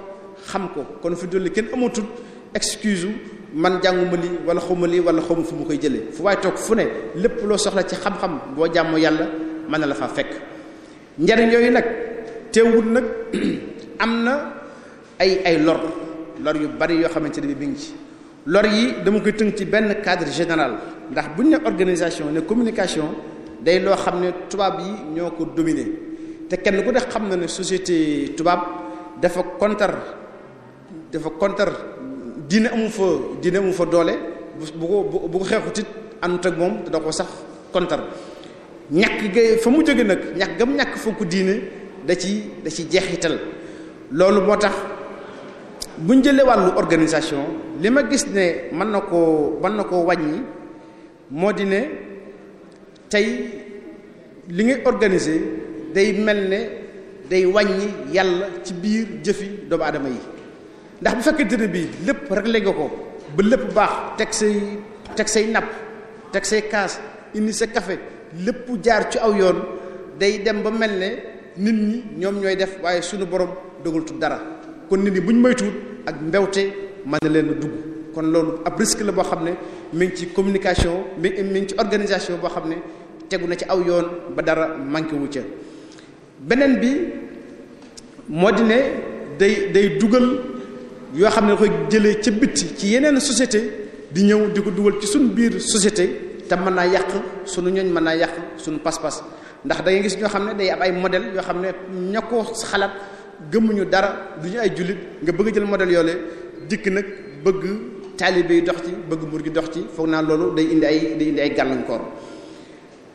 xam ko kon fi dolli kenn amatul excuse man jànguma li wala ma li wala xawma fu mu koy jëlee fu waay toog fu ne lépp loo soxla ci xam-xam boo jàmm yàlla mën na la faa fekk njariñ yooyu nag teewul nag (clears throat) am na ay ay lor lor yu bari yoo xamante ne bi mi ngi ci lor yi dama koy tënk ci benn cadre général ndax bu ñu ne organisation ne communication day loo xam ne tubaab yi ñoo ko dominer te kenn ku ne xam na ne société tubaab dafa contar dafa contre diine amu fa diine amu fa doole bu ko bu ko xeexutit àndut ak moom da ko sax contre ñàkk ga fa mu jóge nag ñàkk gam ñàkk fonk diine da ci da ci jeexital loolu moo tax bu ñu jëlee wàllu organisation li ma gis ne mën na koo mën na koo wàññi moo di ne tey li ngay organiser day mel ne day wàññi yàlla ci biir jëfi doomu aadama yi ndax bu fekkee ne bi lépp rek léegi ko ba lépp baax teg say teg say napp teg say kaas indi sa café lépp jaar ci aw yoon day dem ba mel ne nit ñi ñoom ñooy def waaye sunu borom dogalutul dara. kon nit ñi bu ñu moytuwut ak mbewte man na leen dugg kon loolu ab risque la boo xam ne mi ngi ci communication mi mi ngi ci organisation boo xam ne tegu na ci aw yoon ba dara manqué wu ca beneen bi moo di ne day day dugal yoo xam ne da jëlee ca bitti ci yeneen société di ñëw di ko dugal ci suñu biir société te mën naa yàq sunu ñooñ mën naa yàq sunu pas-pas ndax da ngay gis ñoo xam ne day am ay modèle yoo xam ne ña ko xalaat gëmmuñu dara duñu ay jullit nga bëgg jël modèle yoolee dikk nag bëgg taalibe yi dox ci bëgg mbur gi dox ci foog naa loolu day indi ay day indi gàllankoor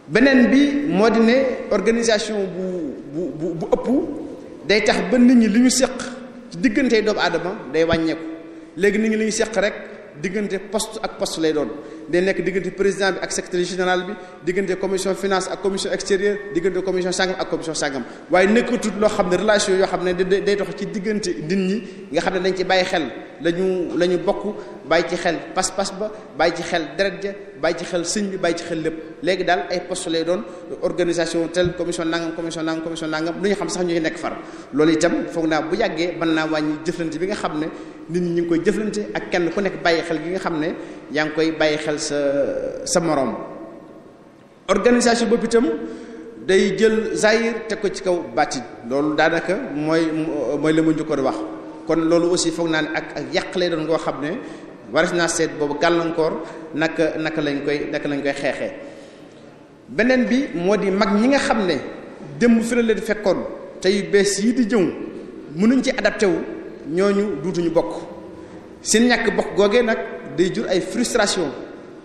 beneen bi moo di ne organisation bu bu bu ëpp day tax ba nit ñi li ñu seq ci diggante doomu aadama day wàññeeku léegi nit ñi li ñu seq rek diggante post ak post lay doon day nekk diggante président bi ak secrétaire général bi diggante commission finance ak commission extérieure diggante commission sàngam ak commission sàngam waaye nekkatut loo xam ne relation yoo xam ne day dox ci diggante nit ñi nga xam ne dañ ci bàyyi xel lañu lañu bokk bàyyi ci xel pas-pas ba bàyyi ci xel deret ja bàyyi ci xel sëñ bi bàyyi ci xel lépp léegi daal ay poste lay doon organisation tel commission nangam commission nangam commission nangam lu ñu xam sax ñuy nekk far loolu itam foog naa bu yàggee mën naa wàññi jëflante bi nga xam ne nit ñi ñu ngi koy jëflante ak kenn ku nekk bàyyi xel gi nga xam ne yaa nga koy bàyyi xel sa sa organisation bopp itam day jël zahir teg ko ci kaw baatin loolu daanaka mooy mooy la ma njëkkoon wax kon loolu aussi foog naa ne ak ak yàq lay doon xam ne waras naa seet boobu gàllankoor naka naka lañ koy naka lañ koy xeexee beneen bi moo di mag ñi nga xam ne démb fi la leen fekkoon tey bees yi di jëw mënuñ ci adapté wu ñooñu duutuñu bokk seen ñàkk bokk googee nag day jur ay frustration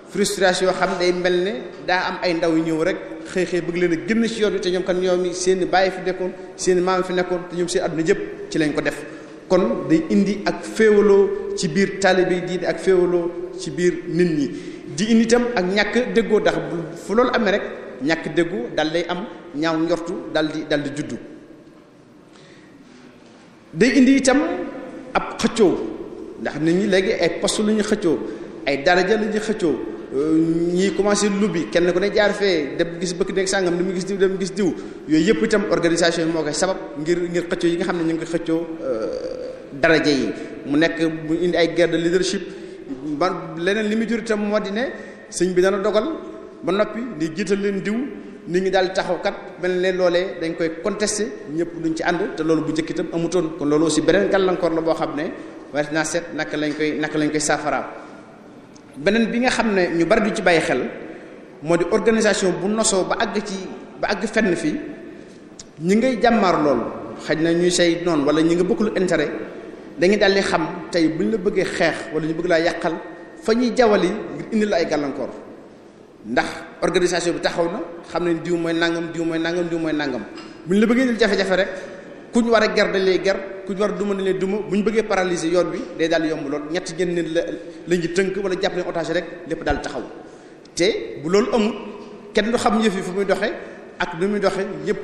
frustration xam day mel ne daa am ay ndaw yu ñëw rek xëy xëy bëgg leen a génn ci yoon bi te ñoom kan ñoom seen i bàyyi fi nekkoon seen i maam fi nekkoon te ñoom seen àdduna jëpp ci lañ ko def kon day indi ak féewaloo ci biir taalibe diine ak féewaloo ci biir nit ñi di indi itam ak ñàkk déggoo ndax fu loolu amee rek ñàkk déggoo dal day am ñaaw njortu dal di dal di juddu day indi itam ab xëccoo ndax nit ñi léegi ay postu lu ñu xëccoo ay daraja la xëccoo ñi commencé lubbi kenn ku ne jaar fee dem gis bëkk nekk sàngam dem gis diw dem gis diw yooyu yëpp itam organisation yi moo koy sabab ngir ngir xëccoo yi nga xam ne ñu ngi koy xëccoo euh, daraja yi mu nekk mu indi ay guerre de leadership leneen li mu jur itam moo di ne sëñ bi dana dogal ba noppi di jiital leen diw nit ñi daal di taxaw kat mel leen loolee dañ koy contesté ñëpp duñ ci ànd te loolu bu njëkk itam amutoon kon loolu aussi beneen gàllankoor la boo xam ne war naa seet naka lañ koy naka lañ koy saafara beneen bi nga xam ne ñu bari du ci bàyyi xel moo di organisation bu nosoo ba àgg ci ba àgg fenn fii ñi ngay jàmmaar lool xaj na ñuy say noonu wala ñi nga bokkul intérêt dañuy daal di xam tey buñ la bëggee xeex wala ñu bëgg laa yàqal fa ñuy jawali ngir indi la ay gàllankoor ndax organisation bi taxaw na xam ne diw mooy nangam diw mooy nangam diw mooy nangam buñ la bëggee indil jafe-jafe rek. ku ñu war a ger dañ lay ger ku ñu war a duma dañ lay duma bu ñu bëggee paralyser yoon bi day dal yomb lool ñetti jën ne la la ñu tënk wala jàpp leen otage rek lépp daal taxaw te bu loolu amul kenn du xam yëf yi fu muy doxe ak nu muy doxee ñëpp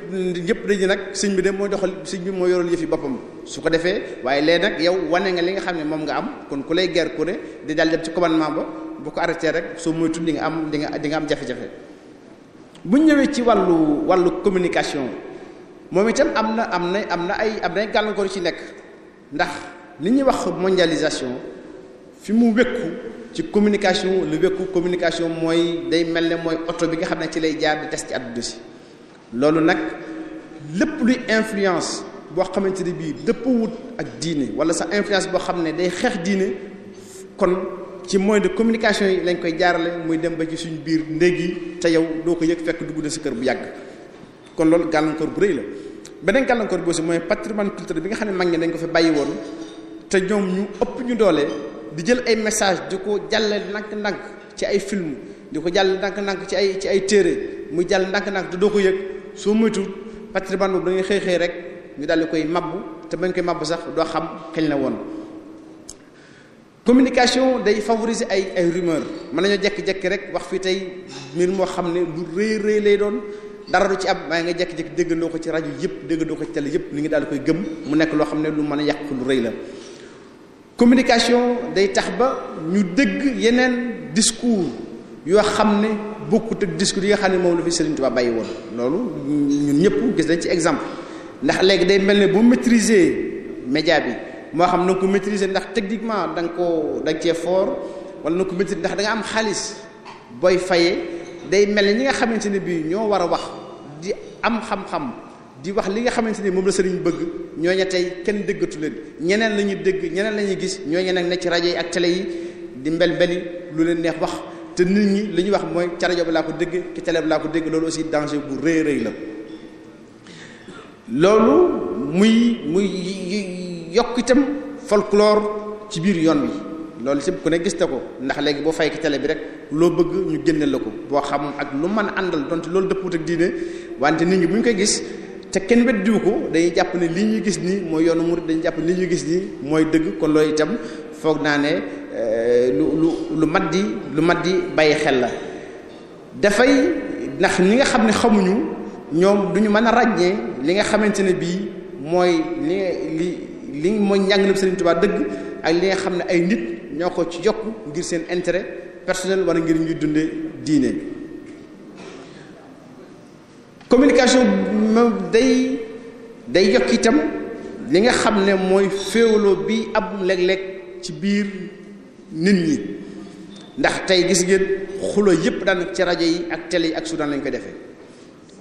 ñëpp dañu nag sëñ bi de mooy doxal sëñ bi moo yoral yëf boppam su defee waaye léegi nag yow wane nga li nga xam ne moom nga am kon ku lay ger ku ne day daal dem ci commandement ba bu ko arrêté rek soo moytu di nga am dinga nga di am jafe-jafe bu ñëwee ci wàllu wàllu communication. moom itam am na am na am na ay am na ay gàllankoor ci nekk ndax li ñuy wax mondialisation fi mu wékku ci communication lu wékku communication mooy day mel ne mooy oto bi nga xam ne ci lay jaar di ci àdduna si loolu nag lépp luy influence boo xamante ne bii dëpp wut ak diine wala sa influence boo xam ne day xeex diine kon ci moyen de communication yi lañ koy jaarale muy dem ba ci suñu biir ndéeg yi te yow doo ko yëg fekk dugg na sa kër bu yàgg kon loolu gàllankoor bu rëy la beneen gàllankoor boo si mooy patrimoine culturel bi nga xam ne mag ñi dañ ko fi bàyyi woon te ñoom ñu ëpp ñu doole di jël ay message di ko jàllale ndànk-ndànk ci ay film di ko jàllale ndànk-ndànk ci ay ci ay téere mu jàll ndànk-ndànk te doo ko yëg soo moytuwul patrimoine boobu da ngay xëy xëy rek ñu daal di koy mabbu te bañ koy mabbu sax doo xam kañ la woon. communication day favoriser ay ay rumeur mën nañoo jekki-jekki rek wax fii tey mbir moo xam ne lu rëy lay doon. dara du ci ab waaye ngi jekki jekk déggandoo ko ci rajo yëpp déggandoo ko ci télé yëpp ni ngi daal koy gëm mu nekk loo xam ne lu mën a yàq lu rëy la communication day tax ba ñu dégg yeneen discours yoo xam ne bokkut ak discours yi nga xam ne moom la fi Serigne Touba bàyyi woon loolu ñun ñëpp gis nañ ci exemple ndax léegi day mel ne bu maîtriser média bi moo xam na nga ko maîtriser ndax techniquement da nga koo da cee fort wala na nga ko maîtriser ndax danga am xaalis booy fayee day mel ni ñi nga xamante ne bii ñoo war a wax di am xam-xam di wax li nga xamante ni moom la sëriñ bëgg ñooña tey kenn déggatu leen ñeneen la ñuy dégg ñeneen la ñuy gis ñooña nag ne ci rajo yi ak tele yi di mbel mbeli lu leen neex wax te nit ñi li ñuy wax mooy ca rajo bi laa ko dégg ci tele bi laa ko dégg loolu aussi danger bu rëy rëy la loolu muy muy yokk itam folklore ci biir yoon wi loolu si ku ne gis na ko ndax léegi boo fay ki télé bi rek loo bëgg ñu génne la ko boo xam ak lu mën a àndal donte loolu dëpput ak diine wante nit ñi bu ñu koy gis te kenn weddiwu ko dañuy jàpp ne lii ñuy gis nii mooy yoonu murid dañuy jàpp ne lii gis nii mooy dëgg kon loolu itam foog naa ne euh, lu lu lu mat di lu mat di bàyyi xel la dafay ndax ñi nga xam ne xamuñu ñoom ñu mën a ràññee li nga xamante ne bii mooy li li li mooy njàngaleem Sëriñ Tuubaa dëgg ak li nga xam ne ay nit ñoo ko ci yokk ngir seen intérêt personnel wala ngir ñuy dunde diine bi communication moom day day yokk itam li nga xam ne mooy féewaloo bi ab léeg lekk ci biir nit ñi ndax tey gis ngeen xulo yépp daan ci rajo yi ak télé yi ak sudan lañ koy defee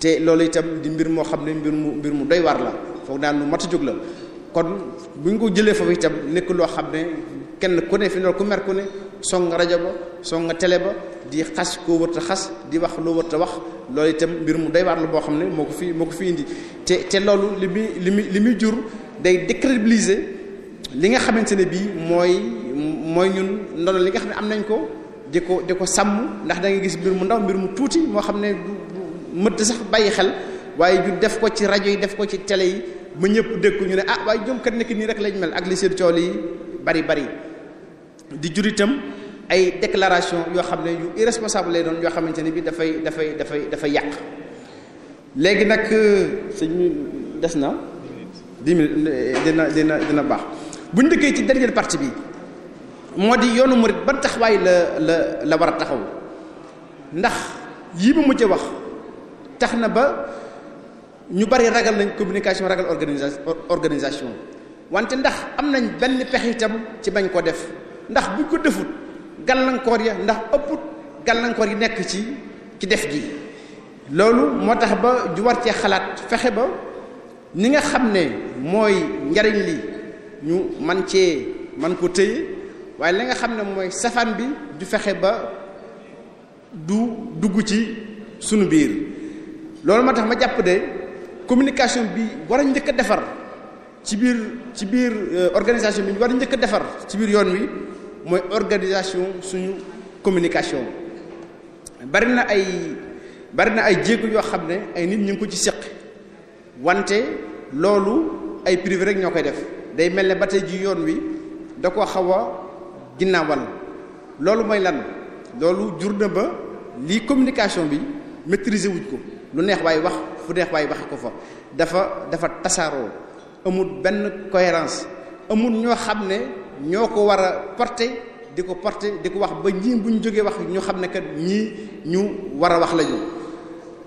te loolu itam di mbir moo xam ne mbir mu mbir mu doy war la foog daan lu mat a jóg la kon bu ñu ko jëlee foofu itam nekk loo xam ne kenn ku ne fi loolu ku mer ku ne rajo ba song télé ba di xas koo wërta xas di wax loo wërta wax loolu mbir mu day waar la boo xam ne moo ko fi fi indi te te loolu li muy li muy li muy jur li nga xamante ne bii mooy mooy ñun ndono li nga xam ne am nañ ko di ko di ko sàmm ndax da gis mbir mu ndaw mbir mu tuuti moo xam ne mëtt sax bàyyi xel waaye ju def ko ci rajo yi def ko ci tele yi ba ñëpp dégg ñu ne ah waaye ñoom kat nekk nii rek lañ mel ak li seen cool yi bari bari di jur itam ay déclaration yoo xam ne yu irresponsable lay yoo xamante ne bi dafay dafay dafay dafay yàq léegi nag euh, sëñ des na di minutes eh, dina dina dina baax bu ñu dëkkee ci dernière partie bi moo di yoonu ba ban taxawaay la la la war a taxaw ndax yii ma mujj wax tax na ba ñu bari ragal nañ communication ragal organisation organisation wante ndax am nañ benn pexe tam ci bañ koo def ndax buñ ko deful gàllankoor ya ndax ëpput gàllankoor yi nekk ci ci def gi loolu moo tax ba ju war cee xalaat fexe ba ni nga xam ne mooy njariñ li ñu man cee man koo tëye waaye li nga xam ne mooy safaan bi ju fexe ba du dugg ci sunu biir loolu moo tax ma jàpp de communication bi war a njëkk a defar ci biir ci biir euh, organisation bi ñu war njëkk a defar ci biir yoon wi mooy organisation suñu communication bari na ay bari na ay jéego yoo xam ne ay nit ñu ngi ko ci seq wante loolu ay privé rek ñoo koy def day mel ne ba tey ji yoon wi da ko xaw a ginnaawal loolu mooy lan loolu jur na ba lii communication bi maîtriser wuñ ko lu neex waay wax fu neex waay waxe ko fa dafa dafa tasaaroo amul benn cohérence amul ñoo xam ne ñoo ko war a porter di ko porter di ko wax ba ñii bu ñu jógee wax ñoo xam ne kat ñii ñu war a wax lañu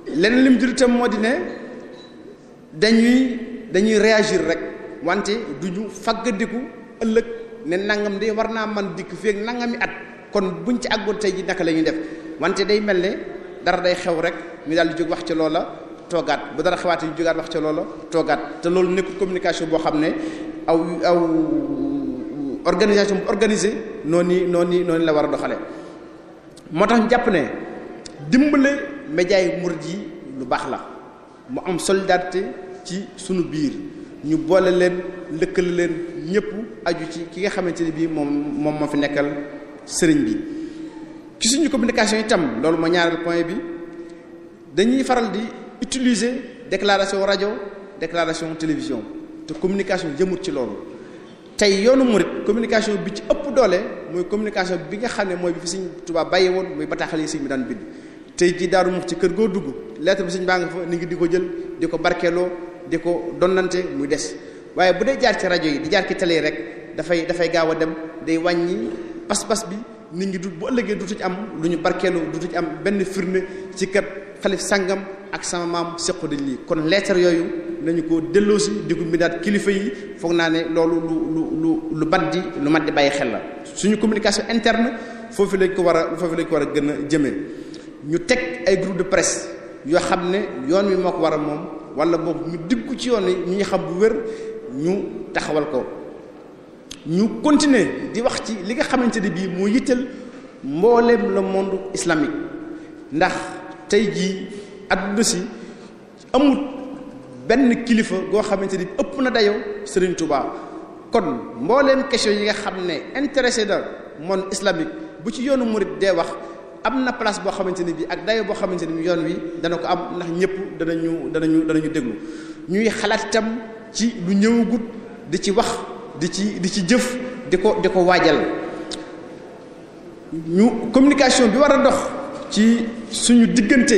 leneen lim jur itam moo di ne dañuy dañuy réagir rek wante du ñu faggandiku ëllëg ne nangam de war naa man dikk feek nangami at kon buñ ci àggoon tey ji naka lañuy def wante day mel ne dara day xew rek mi daal di jóg wax ci loola. toogaat bu dara xewaat ñu jógaat wax ca loola toogaat te loolu nekkul communication boo xam ne aw organisation organisée noonu nii noonu nii noonu la war a doxale moo tax jàpp ne dimbale médias yi murid yi lu baax la mu am solidarité ci sunu biir ñu boole leen lëkkale leen ñëpp aju ci ki nga xamante ni bii moom moom moo fi nekkal sëriñ bi ci suñu communication itam loolu moo ñaareel point bi dañuy faral di utiliser déclaration rajo déclaration télévision te communication jëmut ci loolu tey yoonu murit communication bi ci ëpp doole mooy communication bi nga xam ne mooy bi fi Sëriñ Tuubaa bàyyi woon muy bataaxal yi si bi daan bind tey ji daaru ci kër goo dugg lettre bi Sëriñ baa nga fa ni ngi di ko jël di ko barkeeloo di ko donnante muy des waaye bu dee jaar ci rajo yi di jaar ci télé yi rek dafay dafay gaaw a dem day wàññi pas-pas bi nit ngi du bu ëllëgee dutuñ am lu ñu barkeeloo dutuñ am benn firnde ci kat xalif sàngam ak sama maam sequ dañ lii kon lettre yooyu nañu ko delloosi diggu mbindaat kilifa yi foog naa ne loolu lu lu lu lu bat di lu mat bàyyi xel la suñu communication interne foofu lañ ko war a foofu lañ ko a gën a jëmee ñu teg ay groupe de presse yoo xam ne yoon wi moo ko war a moom wala boog ñu diggu ci yoon wi ñi ñu xam bu wér ñu taxawal ko ñu continuer di wax ci li nga xamante ne bii moo yitteel mboolem le monde islamique ndax tey jii adduna si amul benn kilifa goo xamante ni ëpp na dayoo Serigne tubaab kon mbooleen question yi nga xam ne intéressé na monde islamique bu ci yoonu murid dee wax am na place boo xamante ni bi ak dayoo boo xamante ni yoon wi dana ko am ndax ñëpp danañu danañu danañu déglu ñuy xalaat itam ci lu ñëwagut di ci wax di ci di ci jëf di ko di ko waajal ñu communication bi war a dox ci suñu diggante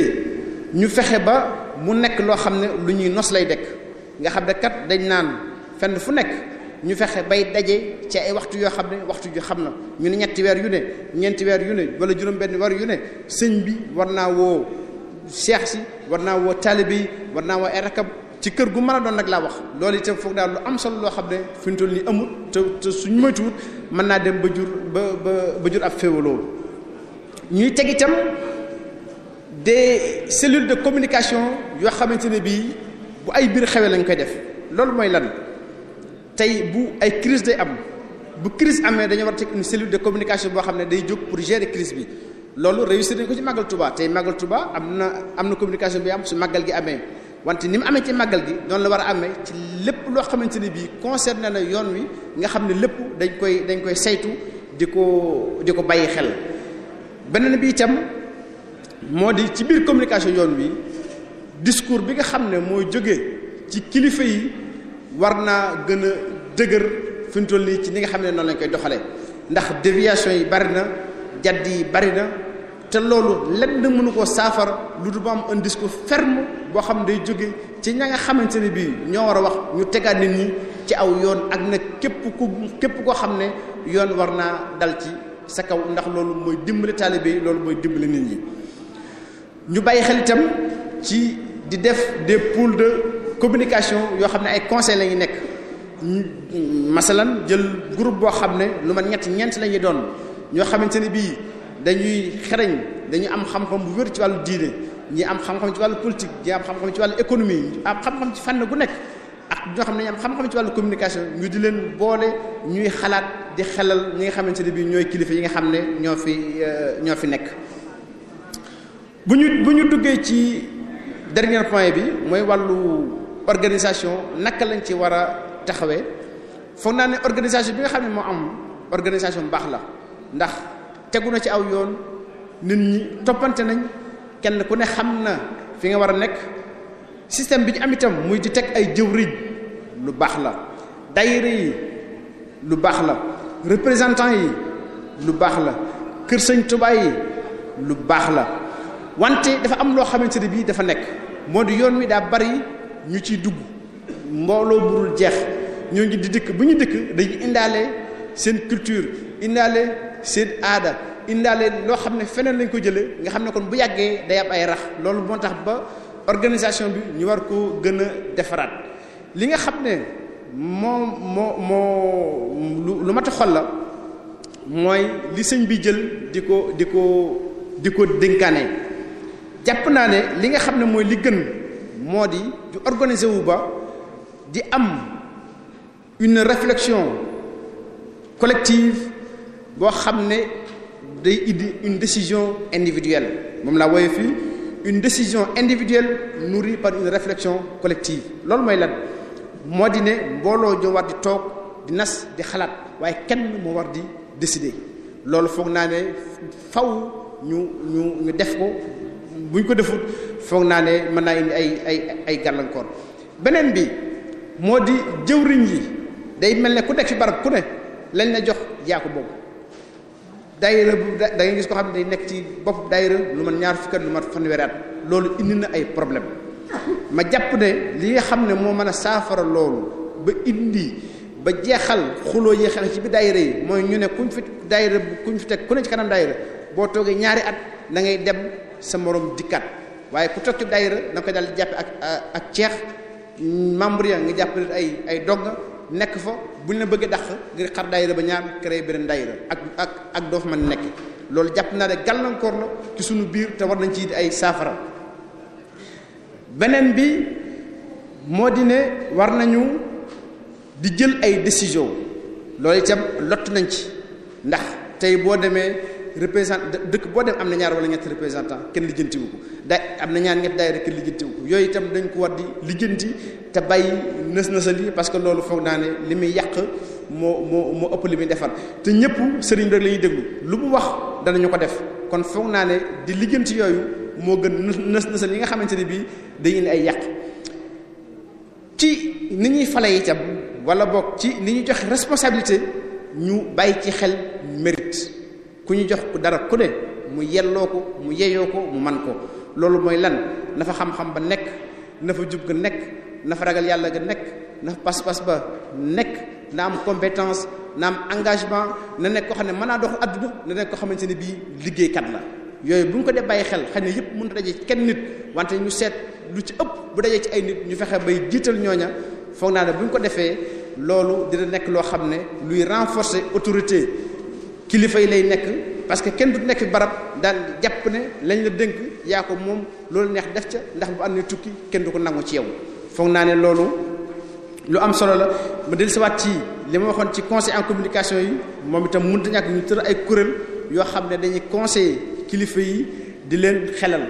ñu fexe ba mu nekk loo xam ne lu ñuy nos lay dekk nga xam ne kat dañ naan fenn fu nekk ñu fexe bay daje ci ay waxtu yoo xam ne waxtu ju xam na ñu ne ñetti weer yu ne ñeenti weer yu ne wala juróom-benn weer yu ne sëñ bi war naa woo seex si war naa woo taalibe yi war naa woo ay rakab ci kër gu mën a doon nag laa wax loolu itam foog daal lu am solo loo xam ne fi mu toll nii amul te te suñu moytuwut mën naa dem ba jur ba ba ba jur ab féewaloo ñuy teg itam des cellules de communication yoo xamante ne bii bu ay biir xewee lañ koy def loolu mooy lan tey bu ay crise day am bu crise amee dañoo war a teg une cellule de communication boo xam ne day jóg pour gérer crise bi loolu réussir nañ ko ci màggal Tuba tey màggal Tuba am na am na communication bi am su màggal gi amee wante ni mu amee ci màggal gi noonu la war a amee ci lépp loo xamante ne bii concerné na yoon wi nga xam ne lépp dañ koy dañ koy saytu di ko di ko bàyyi xel beneen bi itam moo di ci biir communication yoon wi discours bi nga xam ne mooy jóge ci kilifa yi war naa gën a dëgër fi mu toll ci ni nga xam ne noonu lañ koy doxalee ndax déviation yi bari na jadd yi bari na te loolu lenn mënu koo saafara lu du ba am un discours ferme boo xam ne day jóge ci ña nga xamante ne bii ñoo war a wax ñu tegaat nit ñi ci aw yoon ak na képp ku képp koo xam ne yoon war naa dal ci sa kaw ndax loolu mooy dimbali taalibe yi loolu mooy dimbali nit ñi ñu bàyyi xel itam ci di def des pôles de communication yoo xam ne ay conseil la ñu nekk masalan jël groupe boo xam ne lu ma ñett ñeent la ñuy doon ñoo xamante ne bii dañuy xereñ dañu am xam-xam bu wér ci wàllu diine ñi am xam-xam ci wàllu politique ñi am xam-xam ci wàllu économie am xam-xam ci fànn gu nekk ñoo xam ne am xam-xam ci wàllu communication ñu di leen boole ñuy xalaat di xelal ñi nga xamante ne bii ñooy kilifa yi nga xam ne ñoo fi euh, ñoo fi nekk. bu ñu bu ñu duggee ci dernier point bi mooy wàllu organisation naka lañ ci war a taxawee foog naa ne organisation bi nga xam ne moo am organisation bu baax la ndax tegu na ci aw yoon nit ñi toppante nañ kenn ku ne xam na fi nga war a nekk système bi ñu am itam muy di teg ay jëwriñ lu baax la daayira yi lu baax la représentant yi lu baax la kër sëñ Tuubaa yi lu baax la wante dafa am loo xamante ne bii dafa nekk moo di yoon wi daa bari ñu ciy dugg mbooloo burul jeex ñoo ngi di dëkk bu ñu dëkk dañuy indaale seen culture indaale seen aada indaale loo xam ne feneen lañ ko jëlee nga xam ne kon bu yàggee day am ay rax loolu moo tax ba organisation bi ñu war ko gën a defaraat li nga xam ne moo moo moo lu mat a xol la mooy li sëñ bi jël di ko di ko di ko dénkaane jàpp naa ne li nga xam ne mooy li gën moo di di organiser wu ba di am une réflexion collective boo xam ne day indi une décision individuelle moom laa woye fii une décision individuelle nourrie par une réflexion collective loolu mooy lan moo di ne mbooloo ñoo war di toog di nas di xalaat waaye kenn moo war di décider loolu foog naa ne faw ñu ñu def ko buñ ko defut foog naa ne mën naa indi ay ay ay gàllankoor beneen bi moo di jëw jëwriñ yi day mel ne ku nekk fi barab ku ne lañ la jox yaa ko boobu daayira bu da ngay gis ko xam ne day nekk ci bopp daayira lu man ñaar fukkat lu mat fanweeri at loolu indi na ay problème ma jàpp ne li nga xam ne moo mën a saafara loolu ba indi ba jeexal xuloo yi xew ci bi daayira yi mooy ñu ne kuñ fi daayira kuñ fi teg ku ne ci kanam daayira boo toogee ñaari at da ngay dem sa moroom dikkat waaye ku toog ci dayre da nga koy daal di jàppe ak ak ceex membre ya nga jàpp ay ay dogg nekk fa buñ la bëggee dàq ngir xar daayira ba ñaar créé beneen daayira ak ak ak doo fa nekk loolu jàpp naa ne gàllankoor la ci suñu biir te war nañ ci ay saafara beneen bi moo di ne war nañu di jël ay décision loolu itam lottu nañ ci ndax tey boo demee représentant dëkk boo dem am na ñaar wala ñetti représentant kenn lijjantiwu ko day am na ñaar ñett daayira kenn lijjantiwu ko yooyu tam dañ ko war di lijjanti te bàyyi nës-nësal yi parce que loolu foog naa ne li muy yàq moo moo moo ëpp li muy defal te ñëpp sëriñ rek la déglu lu mu wax danañu ko def kon foog naa ne di liggéenti yooyu moo gën nës nësal yi nga xamante ne bii day indi ay yàq ci ni ñuy fale itam walla bokk ci ni ñuy jox responsabilité ñu bàyyi ci xel mérite ku ñu jox ku dara ku ne mu yelloo ko mu yeyoo ko mu man ko loolu mooy lan na fa xam-xam ba nekk na fa jub ga nekk na fa ragal yàlla ga nekk na fa pas-pas ba nekk na am compétence na am engagement na nekk koo xam ne mën naa doxal adduna na nekk ko xamante ne bii liggéeykat la yooyu bu ñu ko def bàyyi xel xam na yëpp mënut a daje kenn nit wante ñu seet lu ci ëpp bu dajee ci ay nit ñu fexe bay jiital ñooña foog naa ne bu ñu ko defee loolu dina nekk loo xam ne luy renforcer autorité kilifa yi lay nekk parce que kenn du nekk barab daan jàpp ne lañ la dénk yaa ko moom loolu neex def ca ndax bu ànd tukki kenn du ko nangu ci yow foog naa ne loolu. lu am solo la ma dellusiwaat ci li ma waxoon ci conseil en communication yi moom itam mënut a ñàkk ñu tër ay kuréel yoo xam ne dañuy conseiller kilifa yi di leen xelal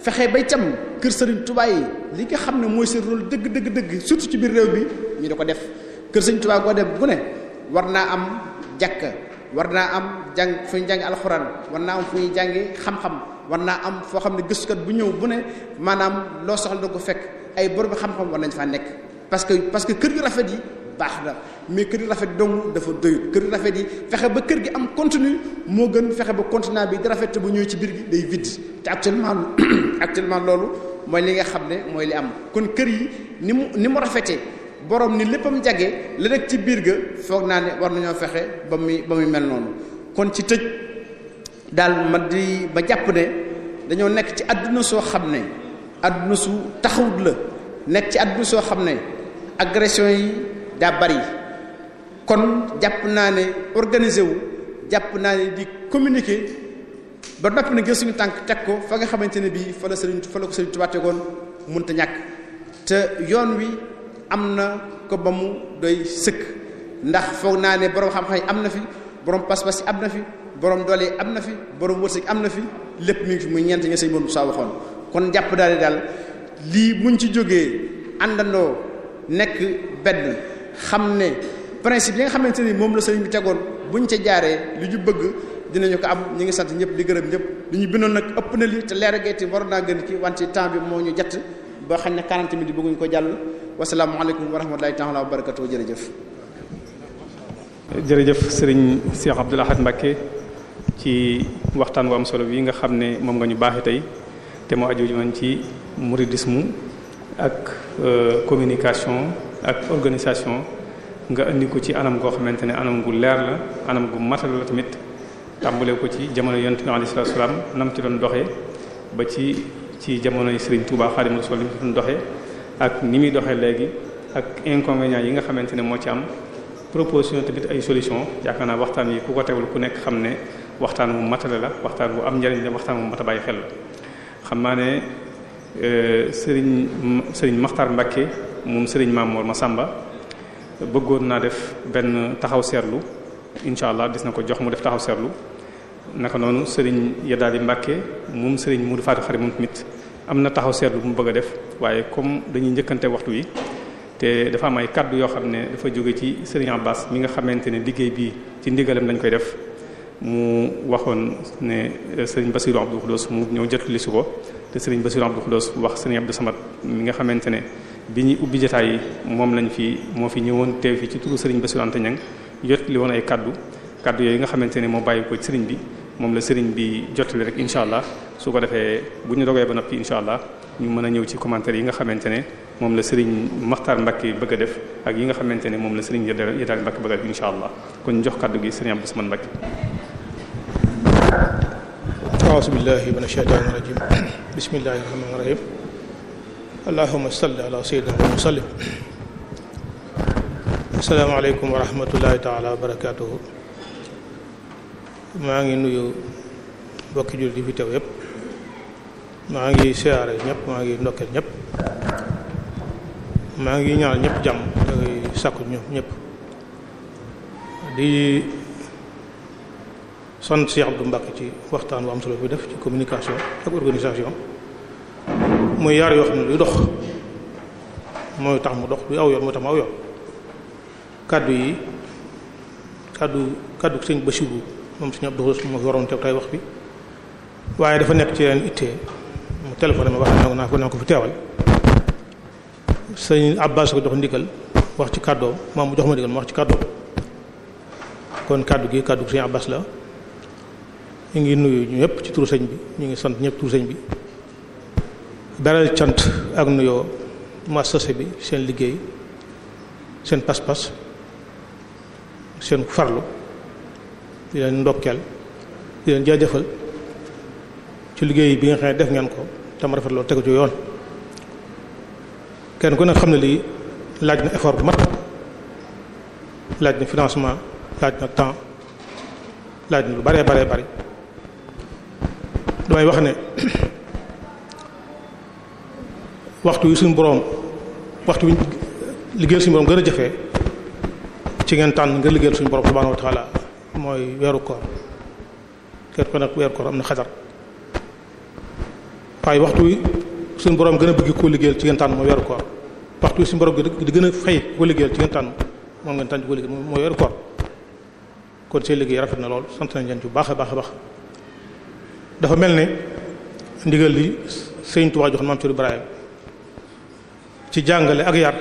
fexe bay tam kër Serigne tubaay yi li nga xam ne mooy seen rôle dëgg dëgg dëgg surtout ci biir réew bi ñu di ko def kër Serigne Touba goo dem bu ne war naa am jàkka war naa am jàng fu ñu jànge alxuraan war naa am fu ñuy jànge xam-xam war naa am foo xam ne gëstukat bu ñëw bu ne maanaam loo soxla da ko fekk ay borom xam war nañ faa nekk. parce que parce que kër gi rafet yi baax na mais kër yu rafet dong dafa doyut kër yu rafet yi fexe ba kër gi am contenu moo gën fexe ba contenant bi di rafet te bu ñëwee ci biir gi day vide te actuellement (clears throat) actuellement loolu mooy li nga xam ne mooy li am kon kër yi ni mu ni mu rafetee borom ni léppam jagee la nekk ci biir ga foog naa ne war nañoo fexe ba muy ba muy mel noonu kon ci tëj daal ma di ba jàpp ne dañoo nekk ci àdduna soo xam ne àdduna su la nekk ci àdduna soo xam ne agression yi daa bari kon jàpp naa ne organiser wu jàpp naa ne di communiquer ba noppi ne gël suñu tànk teg ko fa nga xamante ne bii fa la sëriñ fa la ko sëriñ Tuubaa tegoon mënta te yoon wi am na ko ba mu doy sëkk ndax foog naa ne borom xam yi am na fi borom pas-pas yi am na fi borom doole yi am na fi borom wërsëg am na fi lépp mi fi muy ñeent nga sëñ Mourou Moussa waxoon kon jàpp daal di daal lii buñ ci jógee àndandoo. nekk benn xam ne principe yi nga xamante ni moom la sëriñ bi tegoon buñ ca jaaree li ñu bëgg dinañu ko am ñu ngi sant ñëpp di gërëm ñëpp li ñu bindoon nag ëpp na li te leer a war naa gën ci wante temps bi moo ñu jatt ba xam ne 40 minutes bëgguñ ko jàll wasalaamualeykum wa rahmatulahi taala wa barakatuh jërëjëf. sëriñ Cheikh Abdoul Ahad ci waxtaan wu am solo bi nga xam ne moom nga ñu baaxee tey te moo aju woon ci mouridisme ak. Euh, communication ak organisation nga indi ko ci anam goo xamante ne anam gu leer la anam gu matal la tamit tàmbale ko ci jamono yonent bi alayhi salaatu nam ci doon doxee ba ci ci jamono yi Serigne Touba Xaadimu Rasuul ni mu ci doon ak ni muy doxee léegi ak inconvénients yi nga xamante ne moo ci am proposition tamit ay solution yaakaar naa waxtaan yi ku ko teewul ku nekk xam ne waxtaan bu matale la waxtaan bu am njariñ la waxtaan bu mat bàyyi xel la xam naa ne sëriñ sëriñ Makhtar Mbacke moom sëriñ ma Massamba bëggoon naa def benn taxaw seetlu incha allah dis na ko jox mu def taxaw seetlu naka noonu sëriñ Yadaali Mbacke moom sëriñ Modou Fatou Khari moom tamit am na taxaw seetlu bu mu bëgg a def waaye comme dañuy njëkkante waxtu wi te dafa am ay kaddu yoo xam ne dafa jóge ci sëriñ Abbas mi nga xamante ne liggéey bi ci ndigalam lañ koy def mu waxoon ne sëriñ Bassirou Abdou Khoudoss mu ñëw jotali si ko. te sëriñ Basiru Abdou Khoudoss wax sëriñ Abdou Samad mi nga xamante ne bi ñuy ubbi jotaay yi moom lañ fi moo fi ñëwoon teew fii ci turu sëriñ Basiru Anta Ñang jot li woon ay kaddu kaddu yooyu nga xamante ne moo bàyyi ko ci bi moom la sëriñ bi jotali rek incha allah su ko defee bu ñu dogee ba noppi incha allah ñu mën a ñëw ci commentaire yi nga xamante ne moom la sëriñ Maxtaar Mbacke bëgg a def ak yi nga xamante ne moom la sëriñ Yadaal Mbacke bëgg a def incha allah kon jox kaddu gi sëriñ Abdou Samad Mbacke أعوذ بالله من الشيطان الرجيم بسم الله الرحمن الرحيم اللهم صل على سيدنا وسلم asalaamaaleykum wa rahmatullahi taala wa barakaatuhu maa ngi nuyu mbokki jullit yi fi teew yëpp maa ngi siyaare ñëpp maa ngi ndokkeel ñëpp maa ngi ñaanal ñëpp jàmm sakku ñëpp ñëpp di sant Cheikh Abdou Mbacké ci waxtaan bu am solo bi def ci communication ak organisation muy yar yoo xam ne luy dox mooy tax mu dox luy aw yoon mooy tax mu aw yoon yi kàddu kaddu sëñ Bachirou moom sëñ Abdou Khoudoss moo fi waroon teew tey wax bi waaye dafa nekk ci yeneen ittee mu téléphoné ma wax naa ko naa ko fi teewal sëñ Abbas ko jox ndigal wax ci kàddoom moom mu jox ma ndigal mu wax ci kàddoom kon kaddu gi kaddu sëñ Abbas la ñu ngi nuyu ñëpp ci turu sëñ bi ñu ngi sant ñëpp turu sëñ bi daral cant ak nuyoo massase bi seen liggéey seen pas-pas seen farlu di leen ndokkeel di leen jaajëfal ci liggéey bi nga xam ne def ngeen ko tam rafet loolu tegu ci yoon kenn ku ne xam ne lii laaj na effort bu mat laaj na financement laaj na temps laaj na lu bare bare damay wax ne waxtu wi suñu boroom waxtu wi liggéeyal suñu boroom gën a jafee ci ngeen tànn nga liggéeyal suñu boroom subhaanahu wa taala mooy weeru koor kër ko nag weeru koor am na xadar waaye waxtu wi suñu boroom gën a koo liggéeyal ci ngeen tànn mooy weeru koor waxtu wi suñu di gën fay koo liggéeyal ci ngeen tànn moom ngeen koo liggéeyal mooy weeru kon seen liggéey rafet na lool sant nañ leen bu baax a baax a baax dafa mel ni ndigal li sëñ Tuubaa joxoon maam Cheikh Ibrahima ci jàngale ak yar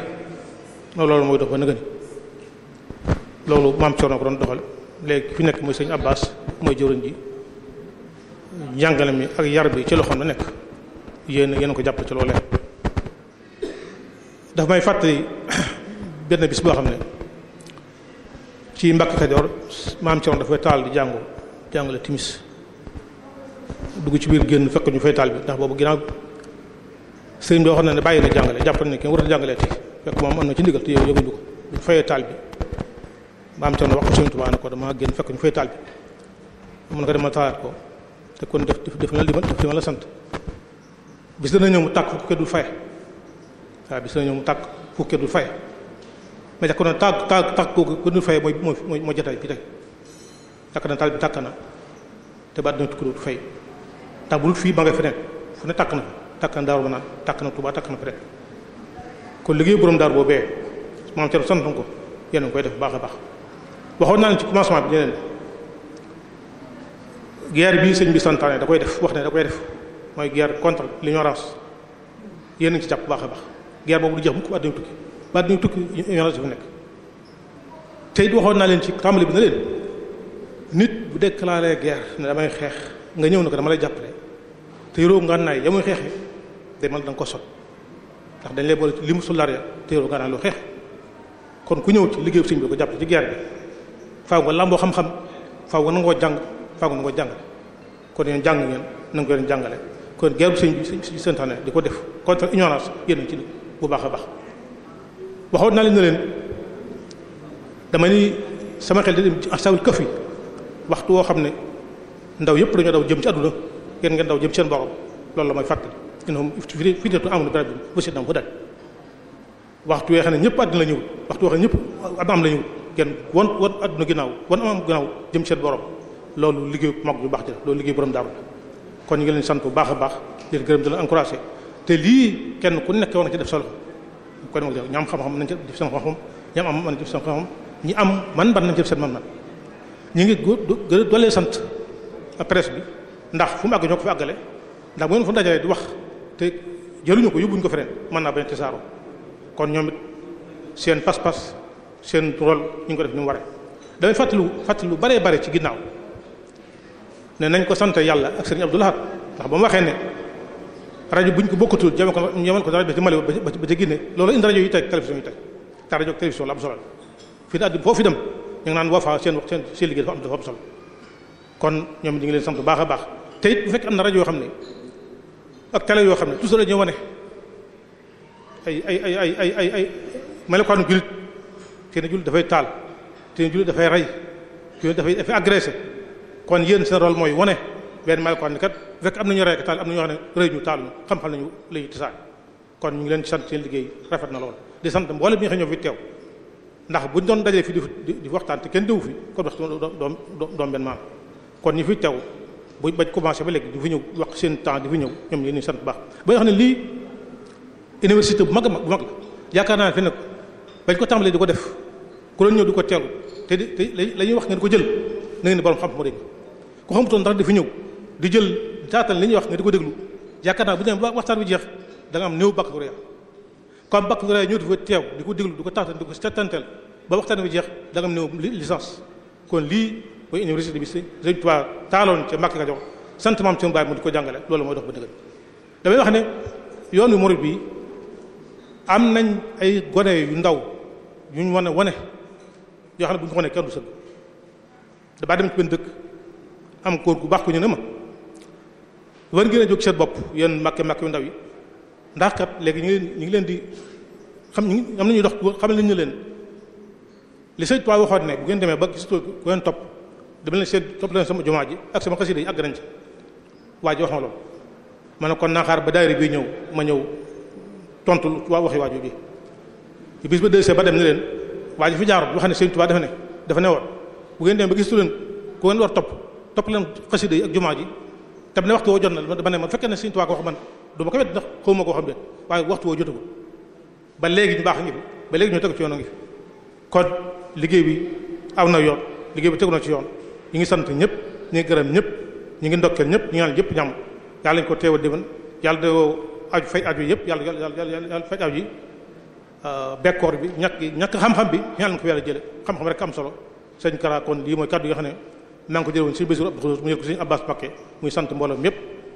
loolu mooy dox ba nëgëni loolu maam Cheikh doxal léegi fi nekk mooy sëñ Abbas mooy jëwriñ ji jàngale mi ak yar bi ci loxoom la nekk yéen yéen ko jàppale ci loole dafa may fàttali (coughs) benn bis boo xam ne ci Mbàkke Kajoor maam Cheikh dafay taal di jàngu jàngale timis dugg ci biir génn fekk ñu fay taal bi ndax boobu ginnaaw sëriñ bi xam ne ne bàyyi na jàngale jàpp na ne kenn war a jàngalee tey fekk moom am na ci ndigal te yow yëguñu ko ñu fayee taal bi maam Thierno ko sëriñ fekk ñu fay taal bi mun ko ko te kon def def na li ma def li ma la mu tàkk ku kenn dul fay waaw mu tàkk ku kenn fay mais kon nag tàkk tàkk tàkk kooku ku dul fay mooy mooy na taal bi takk na te ba dina tukki dootu fay. tabul fii ba nga fi nekk fu ne takk na takk na daaru ba naan takk na Tuubaa takk na fi kon liggéey borom daaru boobee maam Thierno sant na ko yéen koy def baax a baax waxoon naa ci commencement bi ñeneen bii sëñ bi santaane da def wax ne da koy def mooy guerre contre l'ignorance yéen a ngi ci jàpp baax a baax guerre boobu du jeex mukk ba àddina tukki tukki ignorance fi nekk te waxoon naa leen ci tàmbali bi na leen nit bu déclaré guerre ne damay xeex nga ñëw na ko dama lay jàppale te yoroo ngànnaay ya muy xeexe demal da nga ko sot ndax dañ lay boole ci limu su lar ya te yoroo ngànnaay lu xeex kon ku ñëw ci liggéeyu sëñ bi ko jàpp ci guerre bi faaw nga làmboo xam-xam faaw nga nangoo jàng faaw nga nangoo jàngale ngeen nangu leen jàngale kon guerre bu sëñ bi sëntaane di ko def contre ignorance yéen ci bu baax a baax waxoon naa leen ne leen dama ni sama xel di dem ci asawul këf yi waxtu woo xam ne ndaw yëpp dañoo daw jëm ci àdduna yéen ngeen daw jëm seen borom loolu la mooy fàttali innahum fitnatun wa zidnahum hudan waxtu wee ne ñëpp àddina la ñëwul waxtu wee xam ne ñëpp am am la ñëwul ngeen wan wan àdduna ginnaaw wan am am ginnaaw jëm seen borom loolu liggéey mag bu baax ji la loolu liggéey borom daaru kon ñu ngi leen sant bu baax a baax leen gërëm di la encouragé te lii kenn ku nekk war na ci def solo ko mag ñu am xam-xam nañ ci def seen xam-xam ñi am am man xam-xam ñi am man ba nañ ci def seen man man ñu ngi gën a doole sant presse bi ndax fu mu àgg ñoo ko fi àggale ndax bu ngeen fa dajalee di wax te jëluñu ko yóbbuñu ko feneen mën naa bañ tasaaroo kon ñoom it seen pas-pas seen rôle ñu ko def ni mu waree damay fàttali fàttali lu baree ci ginnaaw ne nañ ko sant yàlla ak sëriñ Abdou Lahad waxee ne rajo buñ ko bokkatul ko jëme ko rajo bi ci Mali ba ci ba te rajo dem ñu naan Wafa seen wax seen seen liggéey solo kon ñoom ñu ngi leen sant bu baax a baax. te bu fekkee am na rajo yoo xam ne ak télé yoo xam ne toujours la ñuy wane ay ay ay ay ay ay ay melokaanu jullit kii ne jullit dafay taal te ne jullit dafay rey kii ne dafay dafay agressé kon yéen seen rôle mooy wone benn melokaan ne kat bu fekkee am nañu rey ak taal am na ñoo xam ne rëy ñu taal xam-xam nañu lañu tisaay kon ñu ngi leen ci sant seen liggéey rafet na lool di sant mboolem bi nga xam ñoo fi teew ndax buñ doon dajee fi di di waxtaan te kenn déwu fi kon wax doom doom benn maam kon ñu fi teew bu bañ commencé ba léegi di fi ñëw wax seen temps di fi ñëw ñoom ñu ngi sant baax ba bu mag a mag bu mag yaakaar naa ne nag bañ ko tàmbalee di ko def ku ñëw di ko teelu te di te la ñuy wax ngeen ko jël na ngeen borom xam moo dégg ku xamutoon dara di fi ñëw di jël taatal li ñuy wax nga di ko déglu yaakaar naa bu ñu waxtaan bi jeex da nga am néew baccalauréat comme baccalauréat ñëw di fa teew di ko déglu di ko taatal di ko ba waxtaan bi jeex da nga am néew licence kon lii mooy université bi Sëriñ Tuubaa taaloon ca Mbàkke Kajoor sant maam ci baay mu di ko jàngale loolu mooy dox ba dëgg damay wax ne yoon wi murid bi am nañ ay gone yu ndaw yu ñu wane wane yoo xam ne bu ñu ko wane kenn dëkk am kóor gu baax ko ñu ne ma seen bopp yéen makke makke yu ndaw yi ndax kat ñu ñu ngi leen di xam ñu am nañuy dox xam nañu leen li Sëriñ Tuubaa waxoon ne bu ngeen demee ba gis ko ku ngeen topp dama leen seet topp leen sama jumaa ji ak sama xasida yi àgg nañ ci waa ji wax ma loolu ma ne kon naa xaar ba daayira bi ñëw ma ñëw tontu waa waxi waaju bi ci bis ba dese ba dem ne leen waaj ji fi jaaroon wax ne Sëriñ Tuubaa dafa ne dafa ne woon bu ngeen dem ba gistu leen ku ngeen war topp topp leen xasida yi ak jumaa ji tam ne waxtu woo jot na dama ne ma fekkee ne Sëriñ Tuubaa ko wax man du ma ko wet ndax xawma koo xam de waaye waxtu woo jotagu ba léegi ñu baax ngi fi ba léegi ñu tegu ci yoon ngi fi kon liggéey bi am na yoon liggéey bi tegu na ci yoon ñu ngi sant ñëpp ñi ngi gërëm ñëpp ñu ngi ndokkeel ñëpp ñi ñaan yëpp jàmm yàlla ñu ko teewal déwén yàlla de aju fay aju yëpp yàlla yàlla yàlla faj aju yi euh, bekkoor bi ñàkk ñàkk xam-xam bi yàlla na ko yàlla jële xam-xam rek am solo sëñ Kara kon lii mooy kàddu yoo xam ne maa ngi ko jëlee woon si Bassirou sant mbooloo mi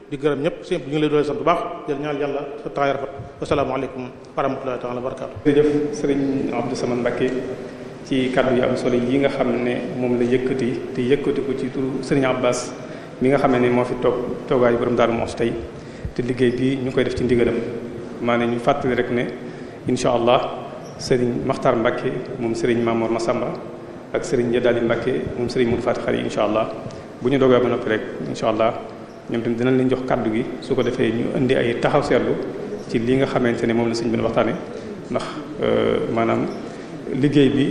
di gërëm ñëpp sëñ bi ñu ngi lay doole sant bu baax jël ñaan yàlla sa taxawaay rafet wasalaamaaleykum wa rahmatullahi taala wa barakaatu jërëjëf sëriñ ci kaddu yi am solo yi nga xam ne moom la yëkkati te yëkkati ko ci turu sëriñ Abbas mi nga xam ne moo fi toog toogaayu borom Daaru Muxti tey te liggéey bi ñu koy def ci ndigalam maanaam ñu fàttali rek ne incha allah sëriñ Maxtar Mbacke moom sëriñ Mamour Massamba ak sëriñ Yadali Mbacke moom sëriñ Moudou Fatick xarit incha allah bu ñu doogee ba noppi rek incha allah ñoom tamit dinañ leen jox kaddu gi su ko defee ñu indi ay taxaw seetlu ci li nga xamante ne moom la sëriñ bi waxtaane ndax euh, maanaam. liggéey bi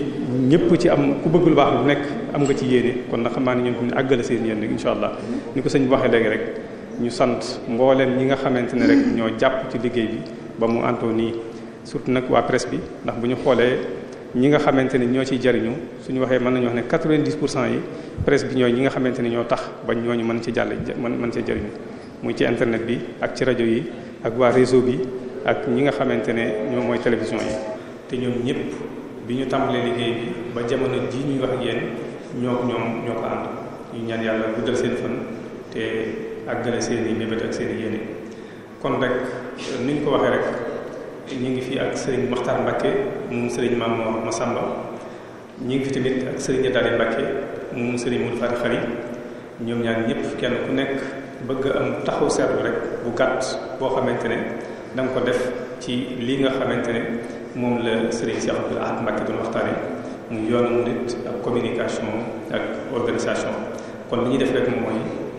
ñëpp ci am ku bëggul lu baax lu nekk am nga ci yéene kon na xamaa naa ne ñun fi mu àggale seen yéen rek incha allah ni ko sëñ bi waxee léegi rek ñu sant mbooleem ñi nga xamante ne rek ñoo jàpp ci liggéey bi ba mu antoo nii surtout nag waa presse bi ndax bu ñu xoolee ñi nga xamante ne ñoo ciy jariñu suñu waxee mën nañu wax ne 90 pour cent yi presse bi ñooy ñi nga xamante ne ñoo tax ba ñu mën ci jàll mën mën cee jariñu muy ci internet bi ak ci rajo yi ak waa réseau bi ak ñi nga xamante ne ñoo mooy télévision yi te ñoom ñëpp bi ñu tàmbalee liggéey bi ba jamono ji ñuy wax ak yéen ñoo ko ñoom ñoo ko ànd ñu ñaan yàlla guddal seen fan te àggale seen i mébét ak seen i kon rek ni ñu ko waxee rek ñu ngi fi ak seeni Maxtaar Mbacke moom sëriñ Maam Masamba ñu ngi fi tamit ak sëriñ Adaari Mbacke moom sëriñ Moul Fati Xari ñoom ñaar ñëpp kenn ku nekk bëgg am taxaw seetlu rek bu gàtt boo xamante ne danga ko def ci lii nga xamante ne. moom la Serigne Cheikh Abdoul Ahad Mbacké doon waxtaane muy yoonu nit ak communication ak organisation kon li ñuy def rek mooy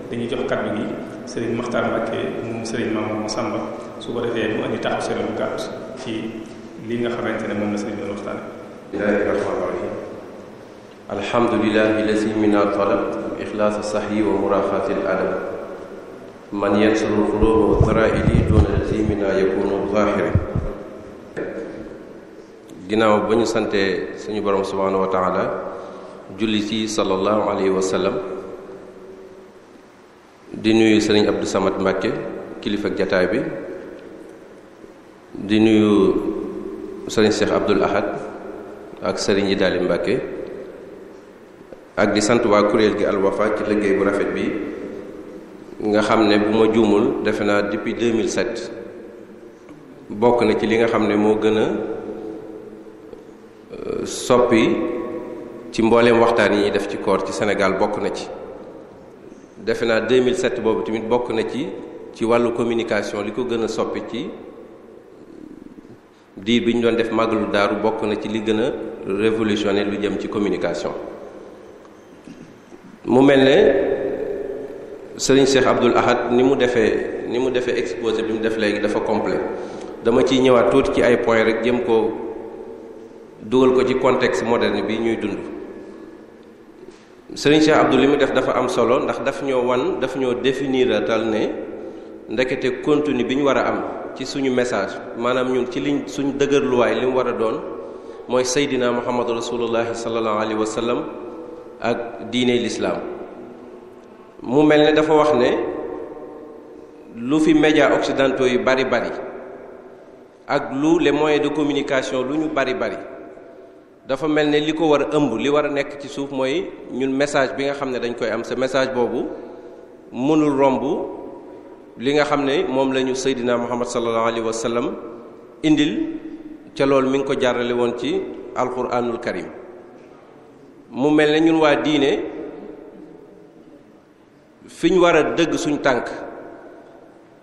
dañuy jox kàddu gi Serigne Makhtar Mbacké moom Serigne Mamadou Massamba su ko defee mu andi taxaw seen lu gàtt ci li nga xamante ne moom la Serigne doon waxtaane. bismillahi rahmani rahim alhamdulillahi lazi mina talab ikhlaas sahyi wa muraafaati alam man yansuru quluba wa daraa'ili duuna lazi mina yakunu zaahiri ginnaaw ba ñu santee suñu borom subhaanahu wa taala julli ci sallallahu alayhi wa di nuyu sëriñ Abdou Samad Mbàkke kilifa ak jataay bi di nuyu sëriñ Cheikh Abdul Ahad ak sëriñ yi daali Mbàkke ak di sant waa kuréel gi Al Wafa ci liggéey bu rafet bi nga xam ne bu ma juumul defe naa depuis 2007 bokk na ci li nga xam ne moo gën a soppi ci mbooleem waxtaan yi def ci koor ci Sénégal bokk na ci defe naa 2007 boobu tamit bokk na ci ci wàllu communication li ko gën a soppi ci diir bi ñu doon def màggalu daaru bokk na ci li gën a révolutionné lu jëm ci communication mu mel ne seriñ Cheikh Abdoul Ahad ni mu defee ni mu defee exposé bi mu def léegi dafa complet dama ciy ñëwaat tuuti ci ay point rek jëm ko dugal ko ci contexte moderne bi ñuy dund sëriñ Cheikh Abdou li mu def dafa am solo ndax daf ñoo wan dafa ñoo définir ne ndekete contenu bi ñu war a am ci suñu message maanaam ñun ci liñ suñu dëgërluwaay li mu war a doon mooy Seydina Muhammadu rasulullahi sallallahu alayhi wa sallam ak diine lislaam mu mel ni dafa wax ne lu fi médias occidentaux yu bari bari ak lu les moyens de communication lu ñu bari bari dafa mel ne li ko war a ëmb li war a nekk ci suuf mooy ñun message bi nga xam ne dañ koy am sa message boobu mënul romb li nga xam ne moom la ñu Seydina Muhammad sallallahu alayhi wa sallam indil ca loolu mi ngi ko jaarale woon ci alquranul karim mu mel ne ñun waa diine fi ñu war a dëgg suñ tànk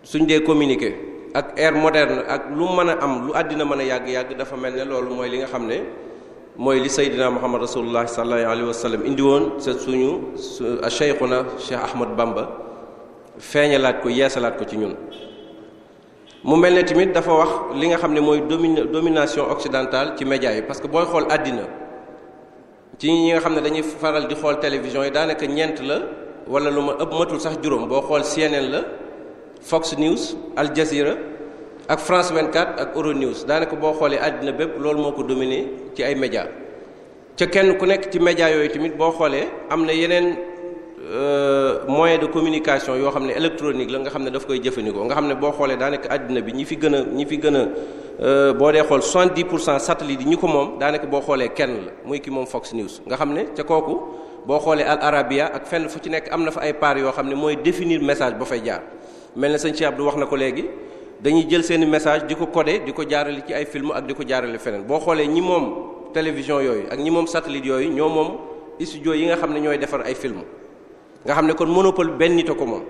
suñ dee communiqué ak air moderne ak lu mën a am lu àddina mën a yàgg-yàgg dafa mel ne loolu mooy li nga xam ne mooy li sayyidina muhammad rasulullah sallallahu alayhi wa sallam indi woon sa suñu su na cheikh ahmad bamba feeñalaat ko yeesalaat ko ci ñun mu mel ne tamit dafa wax li nga xam ne mooy domination occidentale ci média yi parce que booy xool àddina ci ñi nga xam ne dañuy faral di xool télévision yi daanaka ñeent la wala lu ma ëpp matul sax juróom boo xool CNN la Fox News Al Jazeera ak France 24 ak Euronews daanaka boo xoolee àddina bépp loolu moo ko dominé ci ay média ca kenn ku nekk ci média yooyu tamit boo xoolee am na yeneen euh, moyen de communication yoo xam ne électronique la nga xam ne daf koy jëfandikoo nga xam ne boo xoolee daanaka àddina bi ñi fi gën a ñi fi gën a euh, boo dee xool 70 pour cent satellite yi ñi ko moom daanaka boo xoolee kenn la muy kii moom Fox News nga xam ne ca kooku boo xoolee Al Arabia ak fenn fu ci nekk am na fa ay part yoo xam ne mooy définir message ba fay jaar mel na sëñ Cheikh Abdou wax na ko léegi. dañuy jël seeni message di ko codé di ko jaarale ci ay film ak di ko jaarale feneen boo xoolee ñi moom télévision yooyu ak ñi moom satellite yooyu ñoo moom studio yi nga xam ne ñooy defar ay film nga xam ne kon monopole benn nit a ko moom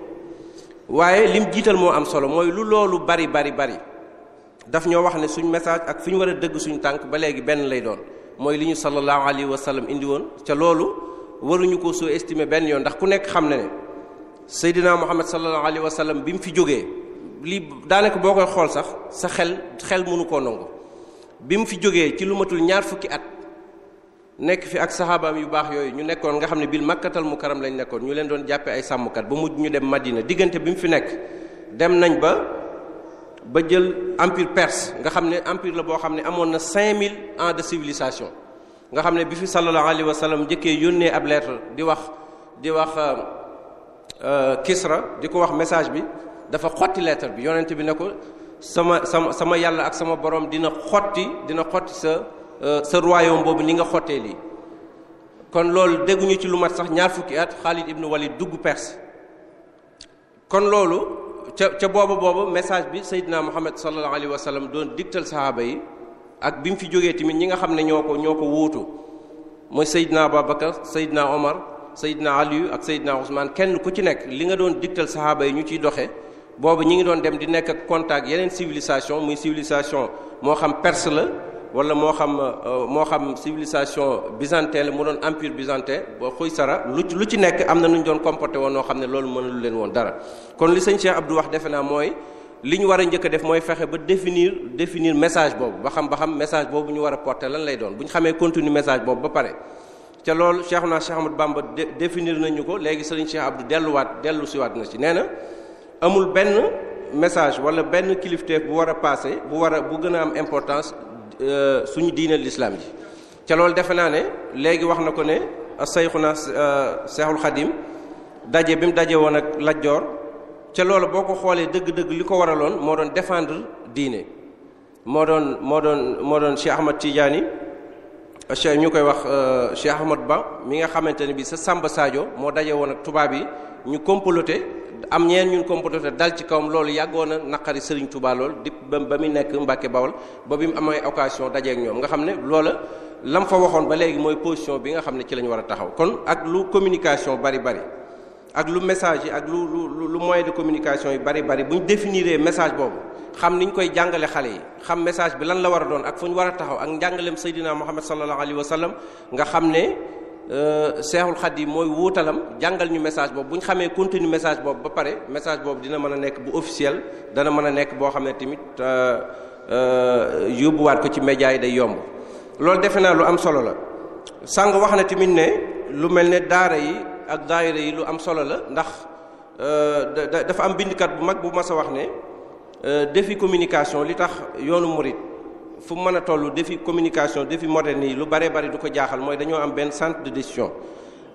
waaye lim jiital moo am solo mooy lu loolu bari bari bari daf ñoo wax ne suñ message ak fi ñu war a dëgg suñu tànk ba léegi benn lay doon mooy li ñu sallallahu alayhi wa sallam indi woon ca loolu waruñu ko sous-estimer benn yoon ndax ku nekk xam ne ne Seydina Muhammad sallallahu alayhi wa sallam bi mu fi jógee lii daanaka boo koy xool sax sa xel xel mënu koo nangu bi mu fi jógee ci lumatul ñaar fukki at nekk fi ak saxaabaam yu baax yooyu ñu nekkoon nga xam ne bil makkatal mukarram lañ nekkoon ñu leen doon jàppe ay sàmmkat ba mujj ñu dem Madina diggante bi mu fi nekk dem nañ ba ba jël empire perse nga xam ne empire la boo xam ne amoon na mille en de civilisation nga xam ne bi fi sallallahu alayhi wa sallam njëkkee yónnee ab lettre di wax di wax euh, euh, Kisra di ko wax message bi. dafa xotti lettre bi yonent bi ne ko sama sama sama yàlla ak sama borom dina xotti dina xotti sa euh, sa royaume boobu ni nga xottee lii kon loolu dégguñu ci lu mat sax ñaar fukki at Khalid ibn Walid dugg Perse kon loolu ca ca booba booba message bi Seydina Muhammad sallallahu alayhi wa sallam doon digtal sahaaba yi ak bi mu fi jógee tamit ñi nga xam ne ñoo ko ñoo ko wuutu mooy Seydina Abubakar Seydina Omar Seydina Aliyu ak Seydina Ousmane kenn ku ci nekk li nga doon digtal sahaaba yi ñu ciy doxe boobu ñi ngi doon dem di nekk ak contact yeneen civilisation muy civilisation moo xam perse la wala moo xam euh, moo xam civilisation byzantin la mu doon empire byzantin boo xuy sara lu lu ci nekk am na nu ñu doon comporté woon noo xam ne loolu mënalu leen woon dara kon li sëñ Cheikh Abdou wax defe naa mooy li ñu war a njëkk def mooy fexe ba définir definir message boobu ba xam ba xam message boobu ñu war a porté lan lay doon bu ñu xamee contenu message boobu ba pare ca loolu Cheikh naa Cheikh Ahmadou définir nañu ko léegi sëriñ Cheikh Abdou delluwaat dellu siwaat na ci nee na amul benn message wala benn kilifteef bu war a passé bu war a bu gën a am importance euh, suñu diine lislaam ji ca loolu defe naa ne léegi wax na ko ne sayxuna euh, seexul xadim daje bi mu dajee woon ak Lat ca loolu boo ko xoolee dëgg-dëgg li ko waraloon moo doon défendre diine moo doon moo doon moo doon Cheikh Ahmad Tidiane Cheikh ñu koy wax euh, Cheikh Ahmad Ba mi nga xamante ne bi sa Samba Sadio moo dajee woon ak tubaab yi ñu comploté am ñeen ñun compétiteur dal ci kawam loolu yàggoon na naqari Serigne Touba lool di ba ba muy nekk Mbacke Bawol ba mu amee occasion dajeeg ñoom nga xam ne loola lam fa waxoon ba léegi mooy position bi nga xam ne ci la ñu war a taxaw kon ak lu communication bari bari ak lu message yi ak lu lu lu moyen de communication yi bari bari bu ñu définiree message boobu xam ni ñu koy jàngale xale yi xam message bi lan la war a doon ak fu ñu war a taxaw ak njàngaleem Seydina Muhammad sallallahu alayhi wa sallam nga xam ne. Euh, seexul xadim mooy wuutalam jàngal ñu message boobu bu ñu xamee contenu message boobu ba pare message boobu dina mën a nekk bu officiel dana mën a nekk boo xam ne tamit euh, euh, yóbbuwaat ko ci média yi day yomb loolu defe naa lu am solo la sàng wax na tamit ne lu mel ne daara yi ak daayira yi lu am solo la ndax dafa am bindkat bu mag bu mas a wax ne defi communication li tax yoonu murit fu mu mën a toll défi communication défi moderne yi lu baree bari du ko jaaxal mooy dañoo am benn centre de décision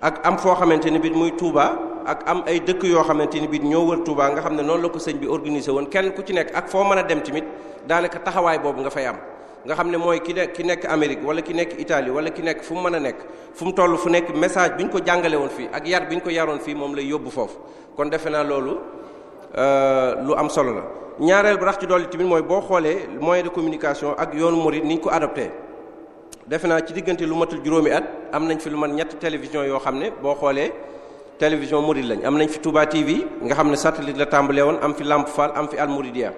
ak am foo xamante ni biit muy Touba ak am ay dëkk yoo xamante ni biit ñoo wër Touba nga xam ne noonu la ko sëñ bi organisé woon kenn ku ci nekk ak foo mën a dem tamit daanaka taxawaay boobu nga fay am. nga xam ne mooy ki ne ki nekk Amérique wala ki nekk Italie wala ki nekk fu mu mën a nekk fu mu toll fu nekk message bi ñu ko jàngale woon fii ak yar bi ko yaroon fii moom lay yóbbu foofu kon defe naa loolu. Euh, lu am solo la ñaareel bi rax ci dolli tamit mooy boo xoolee moyen de communication ak yoonu murid ni ñu ko adopté defe naa ci diggante lu matul juróomi at am nañ fi lu man ñetti télévision yoo xam ne boo xoolee télévision murid lañ am nañ fi Touba TV nga xam ne satellite la tàmbalee woon am fi Lamp Fall am fi Al Mouridiyyah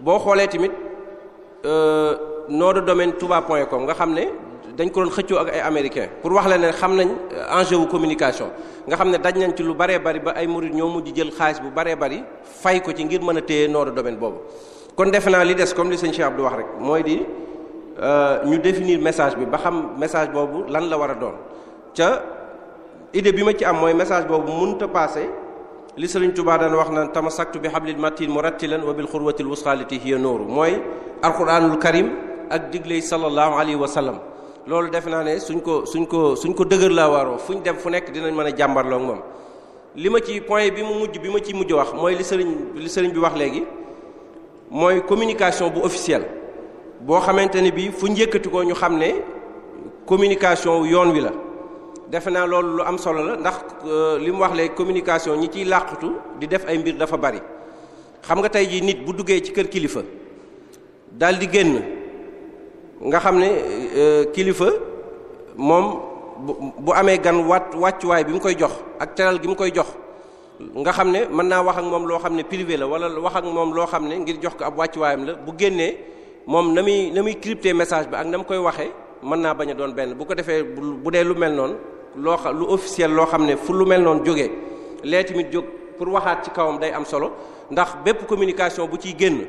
boo xoolee tamit euh, noo de domaine touba point com nga xam ne dañ ko doon xëccoo ak ay américains pour wax la ne xam nañ euh, enjeu wu communication nga xam ne daj nañ ci lu baree bari ba ay murid ñoo mujj jël xaalis bu bare bari fay ko ci ngir mën a téye nooru domaine boobu. kon defe naa li des comme li sëñ Cheikh Abdou wax rek mooy di euh, ñu définir message bi ba xam message boobu lan la war a doon ca idée bi ma ci am mooy message boobu mënut a passé. li Sëriñ Tuubaa daan wax naan tamasaktu bi hablil matin murattilan wa bil xurwatil wusxaalati hiya nooru mooy alquranul karim ak digley sallallahu alayhi wa sallam loolu defe naa ne suñ ko suñ ko suñ ko dëgër laa waaroo fu ñu dem fu nekk dinañ mën a jàmbarloo moom li ma ci point bi mu mujj bi ma ciy mujj wax mooy li sëriñ li sëriñ bi wax léegi mooy communication bu officielle boo xamante ne bii fu njëkkati ko ñu xam ne communication yoon wi la defe naa loolu lu am solo la ndax euh, li mu wax léegi communication ñi ciy làqutu di def ay mbir dafa bari xam nga tey jii nit bu duggee ci kër kilifa daal di génn nga xam ne euh, kilifa moom bu amee gan wat wàccuwaay bi mu koy jox ak teral gi mu koy jox nga xam ne mën naa wax ak moom loo xam ne privé la wala wax ak moom loo xam ne ngir jox ko ab wàccuwaayam la bu génnee moom na muy na muy crypté message bi ak na mu koy waxee mën naa bañ a doon benn bu ko defee bu dee lu mel noon loo lu officiel loo xam ne fu lu mel noon jóge lee tamit jóg pour waxaat ci kawam day am solo ndax bépp communication bu ciy génn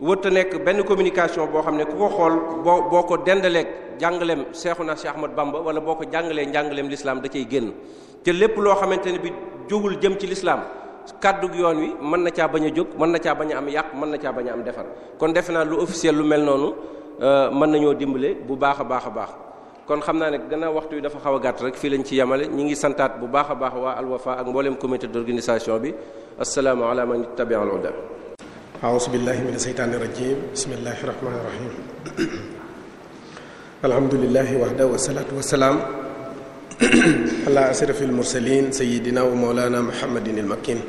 wërta nekk benn communication boo xam ne ku ko xool boo boo ko dendaleeg jàngaleem Seexuna Seex Ahmad Bamba wala boo ko jàngalee njàngaleem lislaam da cay génn te lépp loo xamante ne bi jógul jëm ci lislaam kàddu yoon wi mën na caa bañ a jóg mën na caa bañ a am yàq mën na caa bañ a am defar kon defe naa lu officiel lu mel noonu euh, mën nañoo dimbale bu baax a baax a baax kon xam naa ne gannaaw waxtu wi dafa xaw a gàtt rek fii lañ ci yemale ñi ngi santaat bu baax baax waa Al Wafa ak mbooleem comité d'organisation bi assalaamu ala man tabia أعوذ بالله من الشيطان الرجيم بسم الله الرحمن الرحيم الحمد لله وحده والصلاة والسلام على أشرف المرسلين سيدنا ومولانا محمد المكين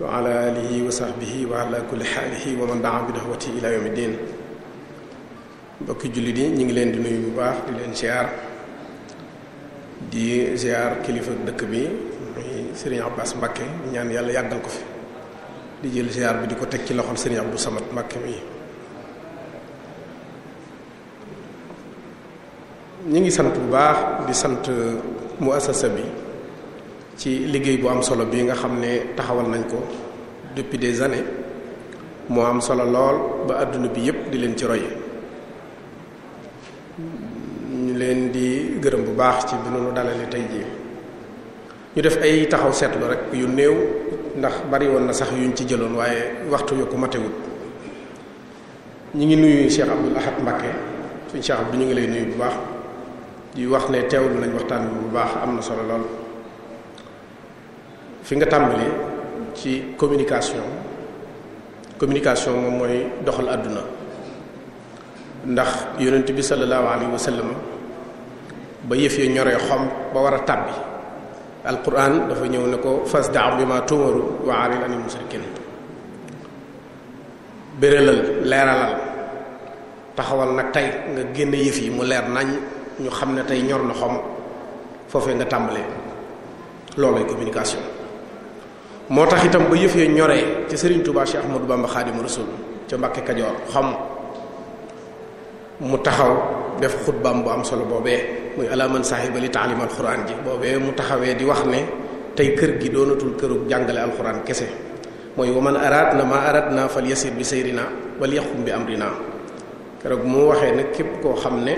وعلى آله وصحبه وعلى كل حاله ومن دعا بدعوته إلى يوم الدين mbokki jullit yi ñu ngi leen di nuyu bu baax di leen ziar di ziar kilifa dëkk bi muy Serigne Abbas Mbacké ñaan yàlla yàggal ko fi di jël ziar bi di ko teg ci loxol sëriñ bu Samad Mbakke mi ñu ngi sant bu baax di sant mu muassasa bi ci liggéey bu am solo bi nga xam ne taxawal nañ ko depuis des années moo am solo lool ba àdduna bi yépp di leen ci roy ñu leen di gërëm bu baax ci bi noonu dalale tey jii ñu def ay taxaw seetlu rek yu néew ndax bari woon na sax yuñ ci jëloon waaye waxtu yu ko matewut ñu ngi nuyu Cheikh Abdoul Ahad Mbacké suñ Cheikh Abdou ñu ngi lay nuyu bu baax di wax ne teewlu nañ waxtaan bi bu baax am na solo lool fi nga tàmbali ci communication communication moom mooy doxal àdduna ndax yonent bi sallallahu alayhi wa sallam ba yëf ya ñoree xom ba war a tàbbi alquran dafa ñëw ne ko fasda' bimaa tu'maru wa a'rid anil mushrikiin bérélal leeralal taxawal nag tey nga génn yëf yi mu leer nañ ñu xam ne tey ñor na xom foofe nga tàmbalee loolooy communication moo tax itam ba yëf ya ñoree ca Serigne Touba Cheikh Ahmadou Bamba Xaadimu Rasuul ca Mbàkke Kajoor xom mu taxaw def xutbaam bu am solo boobee muy ala man sahiba li taalim alxuraan ji boobee mu taxawee di wax ne tey kër gi doonatul kërug jàngale alxuraan kese mooy waman araat na maa araat naa fal yasir bi sayrina wal yaqum bi am amrina keroog mu waxee nag képp koo xam ne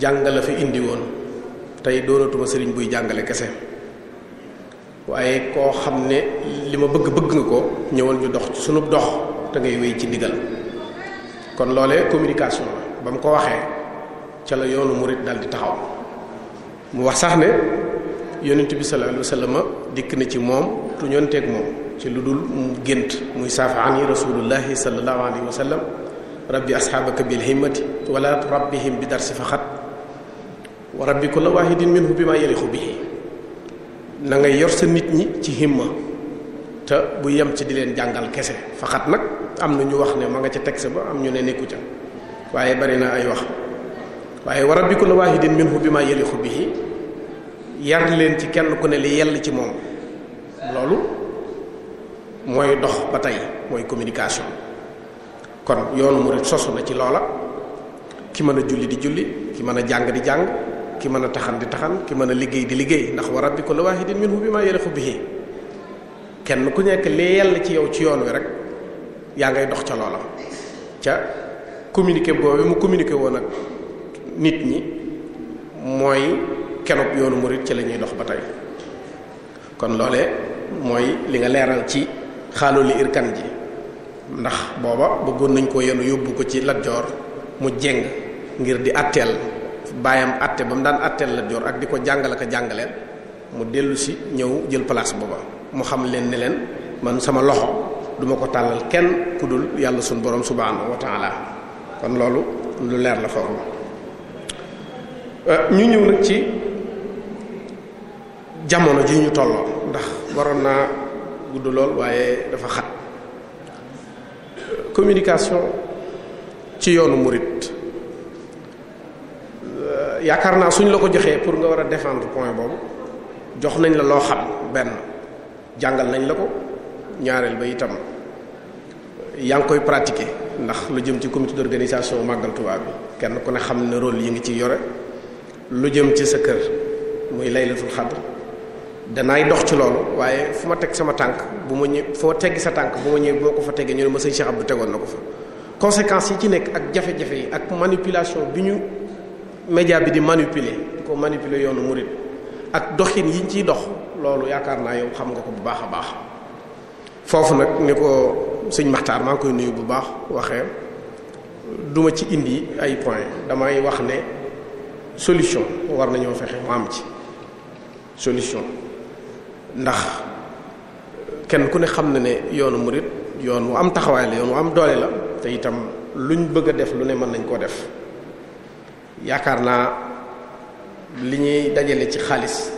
jàng fi indi woon tey doonatuma sëriñ buy jàngale kese waaye koo xam ne li ma bëgg bëgg nga ko ñëwal ñu dox ci dox te ngay wéy ci ndigal kon loole communication la ba mu ko waxee ca la yoonu murit dal di taxaw mu wax sax ne yonent bi sallallahu dikk na ci moom tuñonteeg moom ci lu dul gént muy saafaani rasulullahi sallallahu alayhi wa sallam rabbi asxaabaka bil himmati wala bi darsi faxat wa rabbi kulla waahidin minhu bi ma yaliqu bihi na ngay yor sa nit ñi ci himma te bu yem ci di leen jàngal kese faxat nag am na ñu wax ne mu nga ca texte ba am ñu ne nekku ca waaye bari na ay wax waaye wa rabbi kulli bi minhu bimaa yaliqu bihi yar leen ci kenn ku ne li yell ci moom loolu mooy dox ba tey mooy communication kon yoon yoonu murid sosu na ci loola ki mën a julli di julli ki mën a jàng di jàng ki mën a taxan di taxan ki mën a liggéey di liggéey ndax wa rabbi kulli waahidin minhu bimaa yaliqu bihi kenn ku nekk li yàlla ci yow ci yoon wi rek yaa ngay dox ca loola ca communiqué boobu mu communiqué woon ak nit ñi mooy kenub yoonu murit ci lañuy dox ba tey kon loole mooy li nga leeral ci xaaluli irkan ji ndax booba bëggoon nañ ko yenu yóbbu ko ci Lat mu jeng ngir di atteel baayam atte ba mu daan atteel Lat Joor ak di ko jàngale ko jàngaleel mu dellu si ñëw jël place booba mu xam leen ni leen man sama loxo duma ko tàllal kenn ku dul yàlla suñ borom subhanahu wa taala kon loolu lu leer la foofu euh, ñu ñëw nag ci jamono ji ñu tolloo ndax waroon naa gudd lool waaye dafa xat communication ci yoonu murit euh, yaakaar naa suñ la ko joxee pour nga war a défendre point boobu jox nañ la loo xam benn jàngal nañ la ko ñaareel ba itam yaa ngi koy pratiquer ndax lu jëm ci comité d'organisation màggal Tuubaa bi kenn ku ne xam ne rôle yi nga ciy yore lu jëm ci sa kër muy laylatul xadr danaay dox ci loolu waaye fu ma teg sama tànk bu ma ñëw foo teggi sa tànk bu ma ñëw boo ko fa teggee ñu ne ma sëñ Cheikh Abdou tegoon na ko fa conséquences yi ci nekk ak jafe-jafe yi ak manipulation bi ñu média bi di manipuler di ko manipuler yoonu murit ak doxin yi ñu ciy dox loolu yaakaar naa yow xam nga ko bu baax a baax foofu nag ni ko sëñ Maxtaar maa koy nuyu bu baax waxee duma ci indi ay point damay wax ne solution war nañoo fexe mu am ci solution ndax kenn ku ne xam na ne yoonu murit yoon wu am taxawaay la yoon am doole la te itam luñ bëgg a def lu ne mën nañ koo def yaakaar naa li ñuy dajale ci xaalis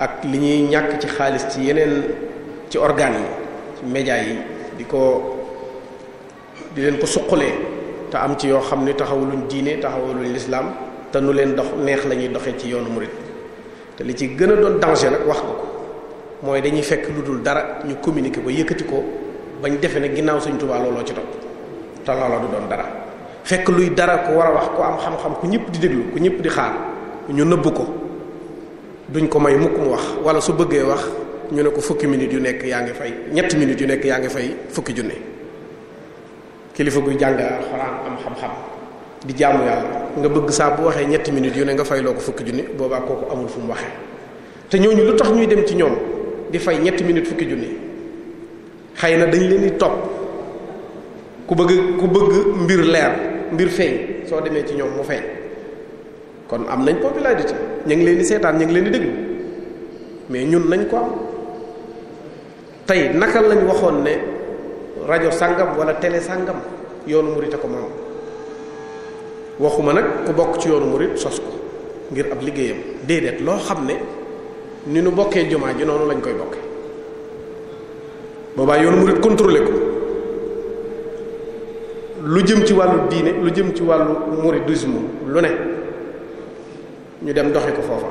ak li ñuy ñàkk ci xaalis ci yeneen ci organes yi ci médias yi di ko di leen ko suqulee te am ci yoo xam ni taxawaluñ diine taxawaluñ lislaam te nu leen dox neex la ñuy doxee ci yoonu murit te li ci gën a doon danger nag wax nga ko mooy dañuy fekk lu dul dara ñu communiquer ko yëkkati ko bañ defee ne ginnaaw Sëriñ Tuubaa looloo ci topp te loola du doon dara fekk luy dara ku war a wax ku am xam-xam ku ñëpp di déglu ku ñëpp di xaar ñu nëbb ko duñ ko may mukk mu wax wala su bëggee wax ñu ne ko fukki minutes yu nekk yaa ngi fay ñetti minutes yu nekk yaa ngi fay fukki junne kilifa guy jàng alxuraan am xam-xam di jaamu yàlla nga bëgg saa bu waxee ñetti minutes yu ne nga fay loo ko fukki junni boobaa kooku amul fu mu waxee te ñooñu lu tax ñuy dem ci ñoom di fay ñetti minutes fukki junne xëy na dañ leen topp ku bëgg ku bëgg mbir leer mbir feeñ soo demee ci ñoom mu feeñ kon am nañ popularité ñu ngi leen di seetaan ñu ngi leen di déglu mais ñun nañ ko am tey naka lañ waxoon ne rajo sàngam wala télé sàngam yoonu murit a ko moom waxuma nag ku bokk ci yoonu murit sos ko ngir ab liggéeyam déedéet loo xam ne ni nu bokkee jumaa ji noonu lañ koy bokkee boobaa yoonu murit contrôlé ko lu jëm ci wàllu diine lu jëm ci wàllu muridisme lu ne ñu dem doxi ko foofa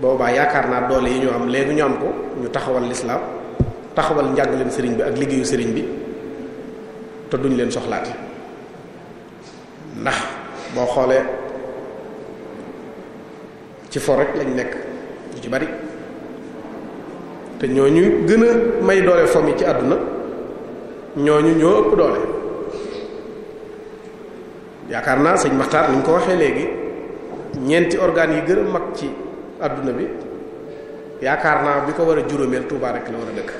boobaa yaakaar naa doole yi ñu am léegi ñu am ko ñu taxawal lislaam taxawal njàng leen sëriñ bi ak liggéeyu sëriñ bi te duñ leen soxlaati ndax boo xoolee ci for rek lañ nekk ñu ci bari te ñoo ñooñu gën a may doole fo mi ci àdduna ñooñu ñoo ëpp doole yaakaar naa sëñ Maxtaar ni ñu ko waxee léegi ñeenti organes yi gën a mag ci àdduna bi yaakaar naa bi ko war a juróomeel Touba rek la war a dëkk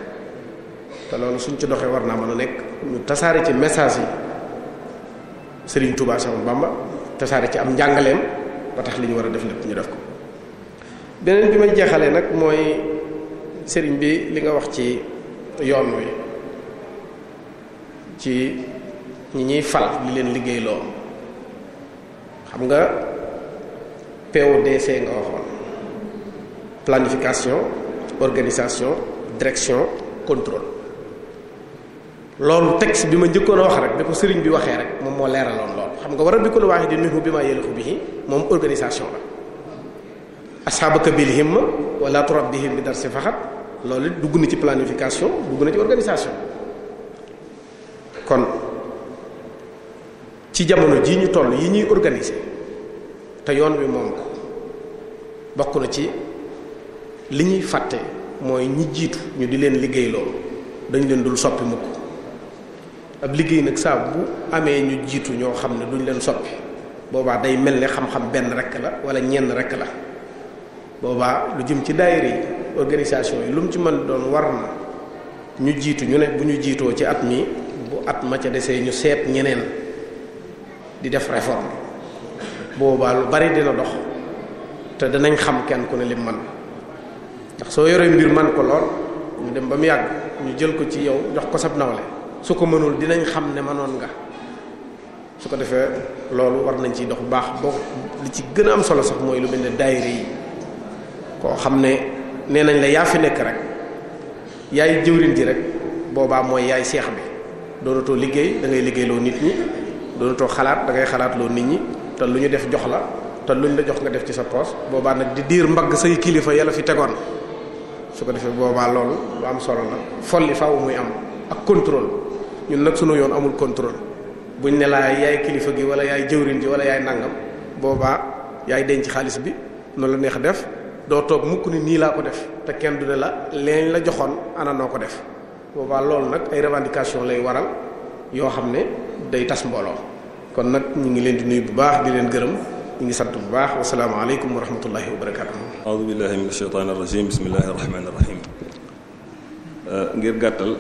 te loolu suñ ci doxee war naa mën a nekk ñu tasaare ci message yi Serigne Touba sama Bamba tasaare ci am njàngaleem ba tax li ñu war a def lépp ñu def ko beneen bi may jeexalee nag mooy Serigne bi li nga wax ci yoon wi ci ñi ñuy fal li leen liggéey loo xam nga. PODC nga waxoon planification organisation direction contrôle loolu texte bi ma njëkkoon a wax rek bi ko sëriñ bi waxee rek moom moo leeraloon loolu xam nga war a bi ko lu waaxee di minhu bi maa yëlëfu bihi moom organisation la asxaabaka bil himma wala turabbihim bi dar si faxat loolu dugg na ci planification dugg na ci organisation kon ci jamono jii ñu toll yi ñuy organiser te yoon wi moom ko bokk na ci li ñuy fàtte mooy ñi jiitu ñu di leen liggéey loolu dañ leen dul soppi mukk ab liggéey nag saa bu amee ñu jiitu ñoo xam ne duñ leen soppi boobaa day mel ni xam-xam benn rekk la wala ñenn rekk la boobaa lu jëm ci daayira yi organisation yi lu mu ci mën doon war na ñu jiitu ñu ne bu ñu jiitoo ci at mi bu at ma ca desee ñu seet ñeneen di def réforme boobaa lu bari dina dox te danañ xam kenn ku ne lim man ndax soo yoree mbir man ko lool ñu dem ba mu yàgg ñu jël ko ci yow jox ko sab nawle su ko mënul dinañ xam ne mënoon nga su ko defee loolu war nañ ciy dox bu baax boo li ci gën a am solo sax mooy lu mel ne daayira yi koo xam ne nee nañ la yaa fi nekk rek yaay jëwrin ji rek boobaa mooy yaay seex bi doonatoo liggéey dangay ngay liggéeyloo nit ñi doonatoo xalaat da xalaat loo nit ñi te lu ñu def jox la te luñ la jox nga def ci sa poos boobaa nag di diir mbagg say kilifa yàlla fi tegoon su ko defee boobaa loolu lu am solo la folli faaw muy am ak contrôle ñun nag sunu yoon amul contrôle buñ ne laa yaay kilifa gi wala yaay jëwriñ ji wala yaay nangam boobaa yaay denc xaalis bi noonu la neex def doo toog mukk ni nii laa ko def te kenn du ne la leen la joxoon ana noo ko def boobaa loolu nag ay revendication lay waral yoo xam ne day tas mbooloo kon nag ñu ngi leen di nuyu bu baax di leen gërëm ñu ngi sant bu baax wasalaamaaleykum wa rahmatullahi wa barakaatu. aoudu billahi min ashaytaani arrajim bismillahi arrahmaani arrahim euh, ngir gàttal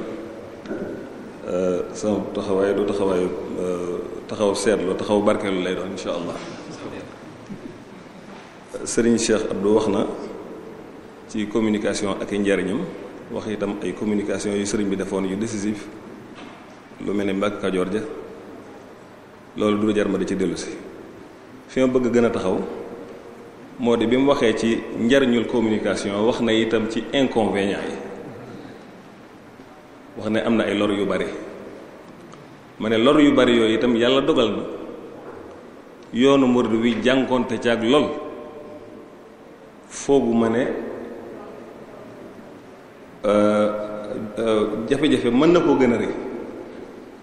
euh, sama taxawaay du taxawaayu euh, taxaw seetlu taxaw barkeelu lay doon incha allah Serigne Cheikh Abdou wax na ci communication ak i njariñam wax tam ay communication yu Serigne bi defoon yu décisif lu mel ne Mbàkke Kajoor ja loolu du jar ma di ci dellusi fi ma bëgg gën a taxaw moo di bi mu waxee ci njariñul communication wax na itam ci inconvénients yi wax ne am na ay lor yu bari ma ne lor yu bari yooyu itam yàlla dogal na yoonu murid wi jànkonte ci ak lool foogu ma ne euh, euh, jafe-jafe mën na koo gën a rëy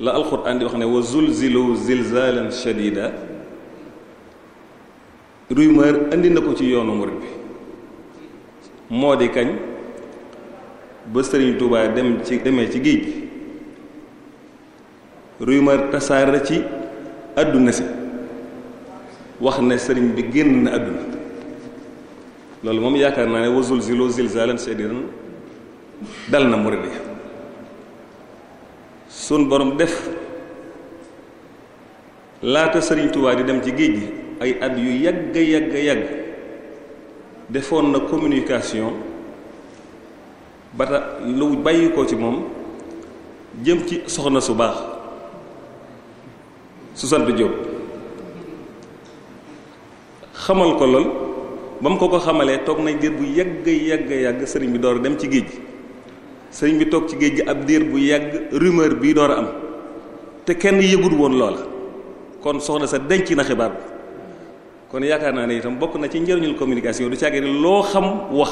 la alxuraan di wax ne wa zulzilu zilzalan shadida rumeur indi na ko ci yoonu murit bi moo di kañ ba sëriñ Touba dem ci demee ci géej gi rumeur tasaara ci àdduna si wax ne sëriñ bi génn na àdduna loolu moom yaakaar naa ne wa zulzilu zilzalan shadidan dal na murit bi sun borom def laata sëriñ Tuubaa di dem ci géej gi ay at yu yàgg yàgg yàgg defoon na communication bata lu bàyyi ko ci moom jëm ci soxna su baax su sant Jóob xamal ko lool ba mu ko ko xamalee toog nañ diir bu yàgg yàgg yàgg sëriñ bi door dem ci géej gi sëriñ bi toog ci géej gi ab diir bu yàgg rumeur bii door a am te kenn yëgul woon loola kon soxna sa denc na xibaar bi kon yaakaar naa ne itam bokk na ci njëriñul communication du caagee loo xam wax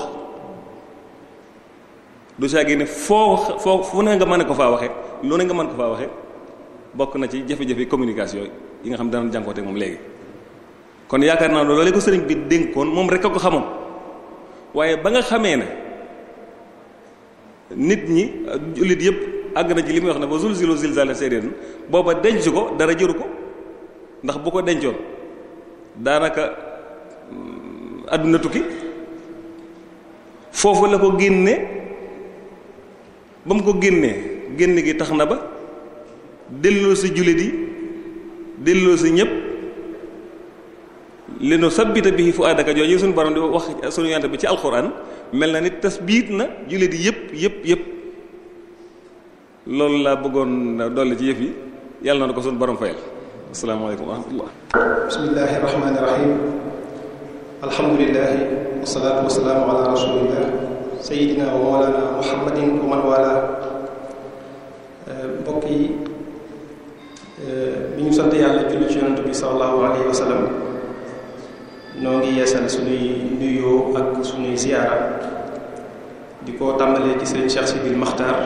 du caagee ne foo foo fu ne nga mën ko faa waxe loo nga mën ko faa waxe bokk na ci jafe communication yi nga xam dana jànkoote moom léegi kon yaakaar naa ne loolee sëriñ bi dénkoon moom rek a ko xamoon waaye ba nga xamee na nit ñi jullit yëpp àgg na ci li muy wax ne ba zulzilu zilzalan shadidan booba denc ko dara jëru ko ndax bu ko dencoon daanaka adduna mm, tukki foofu la ko génne ba mu ko génnee génn gi tax na ba delloo si jullit yi delloo si ñëpp li bi sabbita bihi fu'adaka jooju suñu borom di wax suñu yante bi ci alxuraan mel na ni tasbiit na jullit yëpp yëpp yëpp loolu laa bëggoon dolli ci yëf yi yàlla na ko suñu borom fayal asalaamaaleykum wa rahmatullah bismillahi rahmaani rahim alhamdulilahi wasalaatu wasalaamu ala eh, bi ñu yàlla julli ci yonent bi sallallahu alayhi wa noo ngi yeesal suñuy nuyoo ak suñuy ziyaara di ko tàmbalee ci sëriñ Cheikh Sidil Maxtar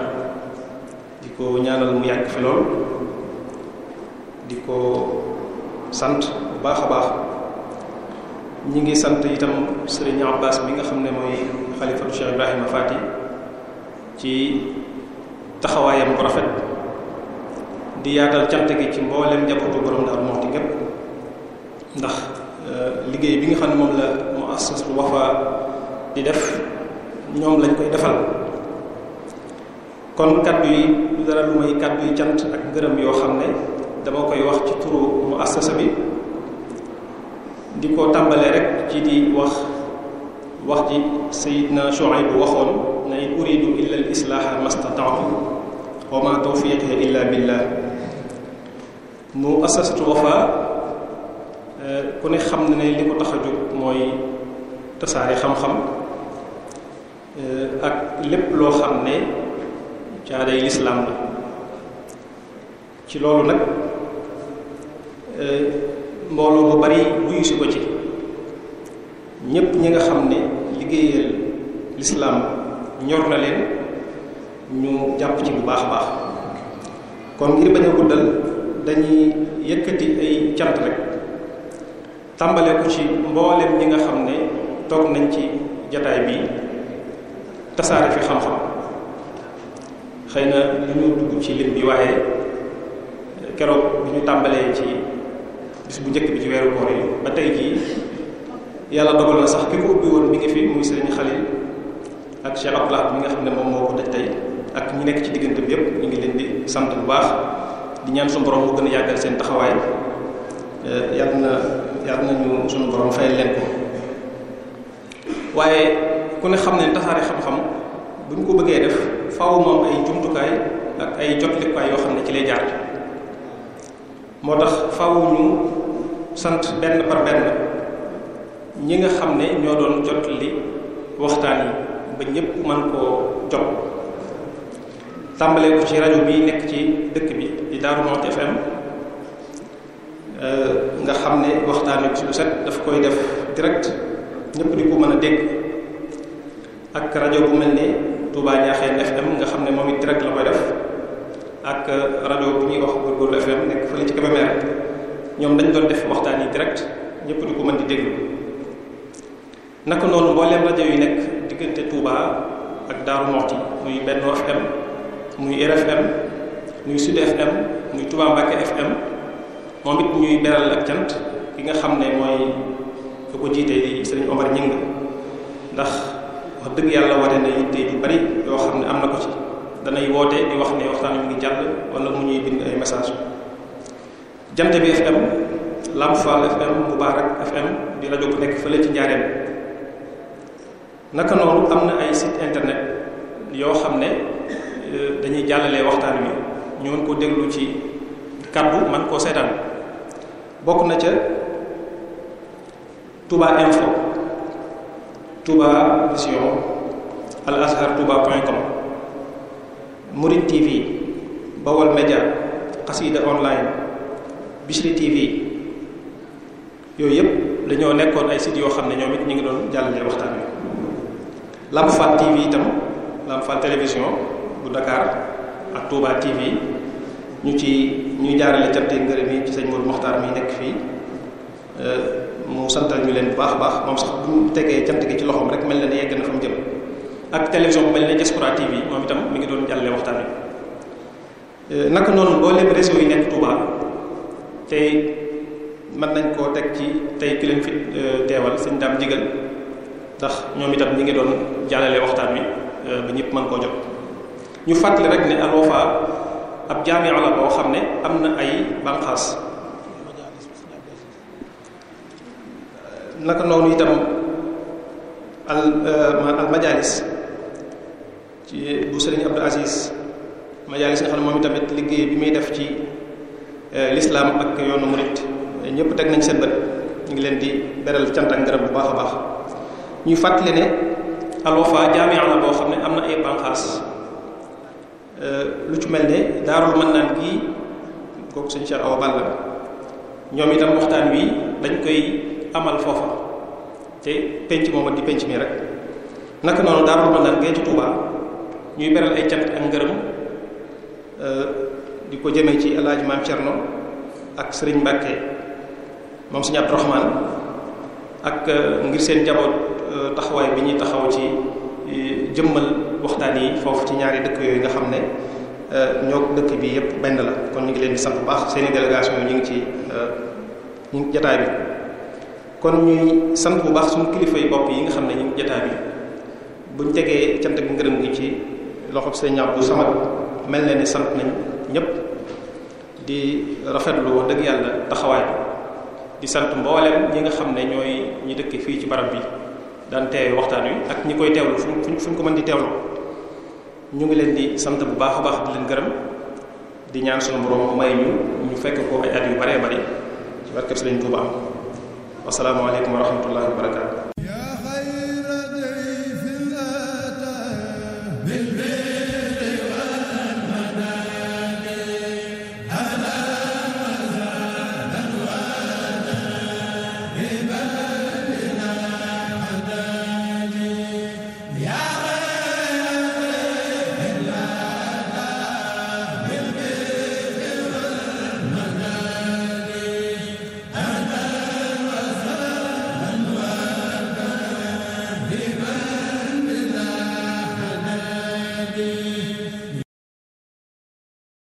di ko ñaanal mu yàgg fi lool di ko sant bu baax a baax ñi ngi sant itam sëriñ Abbas bi nga xam ne mooy xalifatu Cheikh Ibrahima Fati ci taxawaayam bu rafet di yaatal cant gi ci mboolem jàppatu borom Daaru Muxti gépp ndax liggéey bi nga xam ne moom la mu assasul wafa di def ñoom lañ koy defal kon kaddu yi du dara lu may kaddu yi cant ak ngërëm yoo xam ne dama koy wax ci turu mu assasa bi di ko tàmbalee rek ci di wax wax ji sayidna Shuayb bu waxoon na in uridu illa al islaaha mastata'tu wa ma tawfiqi mu assasatu wafa Euh, ku ne xam na ne li ko tax a jóg mooy tasaare xam-xam euh, ak lépp loo xam ne caaday lislaam la ci loolu nag euh, mbooloo bu bari wuyu ko ci ñépp ñi nga xam ne liggéeyal lislaam ñor na leen ñu jàpp ci bu baax a baax kon ngir bañ a dañuy yëkkati ay cant rek tàmbale ko ci mboolem ñi nga xam ne toog nañ ci jataay bi tasaare fi xam-xam xëy na lu ñu dugg ci lim bi waaye eh, keroog bi ñu tàmbalee ci bis bu njëkk bi ci weeru koor yi ba tey jii yàlla dogal na sax ki ko ubbi woon mi ngi fi muy Sëriñ Xalil ak Cheikh Abdoulaye mi nga xam ne moom moo ko daj tey ak ñu nekk ci diggante bi yépp ñu ngi leen di sant bu baax di ñaan sa borom mu gën a yàggal seen taxawaay eh, yàgg yàlla nañu suñu borom fay leen ko waaye ku ne xam ne tasaare xam-xam bu ñu ko bëggee def faaw moom ay jumtukaay ak ay jotlikukaay yoo xam ne ci lay jaar moo tax faaw sant benn par benn ñi nga xam ne ñoo doon jot li waxtaan yi ba ñépp mën koo jot tàmbalee ci rajo bi nekk ci dëkk bi di Darou Moukhty FM Euh, nga xam ne waxtaan wi ci bu set koy def direct ñëpp di ko mën a dégg ak rajo bu mel ni Touba Ñaaxeen FM nga xam ne moom it direct la koy def ak euh, rajo bu ñuy wax Bourgoul FM nekk fële ci Kébémer ñoom dañ doon def waxtaan yi direct ñëpp di ko mën di déglu naka noonu mbooleem rajo yi nekk diggante tuubaa ak Daaru Moxti muy Benno FM muy RFM muy Sud FM muy Touba Mbacké FM moom ñuy beral ak cant ki nga xam ne mooy ku ko jiite di sëriñ Omar Ñing ndax wax dëgg yàlla wate na yitte yu bari yoo xam ne am na ko ci danay woote di wax ne waxtaan mu ngi jàll wala mu ñuy bind ay message bi FM Lamp Fall FM Moubarak FM di rajo bu nekk fële ci njaareem naka noonu am na ay site internet yoo xam ne eh, dañuy jàllale waxtaan wi ñu mën koo déglu ci kàddu man koo seetaan bokk na ca Touba info Touba vision al azhar touba point com Mouride TV Bawol Média Xasida online Bichri TV yooyu yëpp dañoo nekkoon ay sites yoo xam ne ñoom it ñu ngi doon jàllale waxtaan wi Lamp Fall TV itam Lamp Fall bu Dakar ak Touba TV ñu ci ñuy jaarale cant ak ngërëm yi ci sëñ Modou Mokhtar mi nekk fii euh, mu santal ñu leen bu baax a baax moom sax bu ñu tegee cant gi ci loxoom rek mel na ne yegg na fa mu jëm ak télévision bu mel ne Diaspora TV moom itam mi ngi doon jàllale waxtaan wi euh, naka noonu mboolem réseau yi nekk Touba te mën nañ koo teg ci tey ki leen fi euh, teewal sëñ Dame Digal ndax ñoom itam mi ngi doon jàllale waxtaan bi ba ñëpp mën koo jot ñu fàttali rek ne Al ab jaamia la boo xam ne am na ay banqaas naka noonu itam al euh, al ci bu sëriñ Abdou Aziz majalis nga xam ne moom itamit liggéey bi muy def ci euh, lislaam ak yoonu murit ñëpp teg nañ seen bët ñu ngi leen di beral cant bu baax a baax ñuy fàttali ne Al Wafa jaamia la boo xam ne am na ay banqaas Euh, lu ci mel ne daarul mën naan gii kooku sëñ Cheikh Awa Balla ñoom itam waxtaan wi dañ koy amal foofa te penc mooma di penc mi rek naka noonu daarul mën naan gee ci Touba ñuy beral ay cant ak ngërëm euh, di ko jëmee ci El Hadj Maam Cerno ak sëriñ Mbacke moom sëñ Abdourahmane ak euh, ngir seen njaboot taxawaay bi ñuy taxaw ci jëmmal waxtaan yi foofu ci ñaari dëkk yooyu nga xam ne euh, ñoo dëkk bii yépp benn la kon ñu ngi leen di sant bu baax seeni délégation ñu ngi ci euh, ñu ngi jataay bi kon ñuy sant bu baax suñu kilifa yi bopp yi nga xam ne ñu ngi jataay bi buñ tegee cant bi ngërëm gi ci loxob sëñ Abdou Samad mel na ni sant nañ ñëpp di rafetlu wax dëgg yàlla taxawaay di sant mboolem ñi nga xam ne ñooy ñu dëkk fii ci barab bi daan waxtaan wi ak ñi koy teewlu fuñ fuñ ko mën di teewlu ñu ngi leen di sant bu baax a baax di leen gërëm di ñaan sunu borom may ñu ñu fekk ko ay yu baree bari ci barkeb Sëriñ Tuuba am wasalaamaaleykum wa rahmatullahi wa barakaatu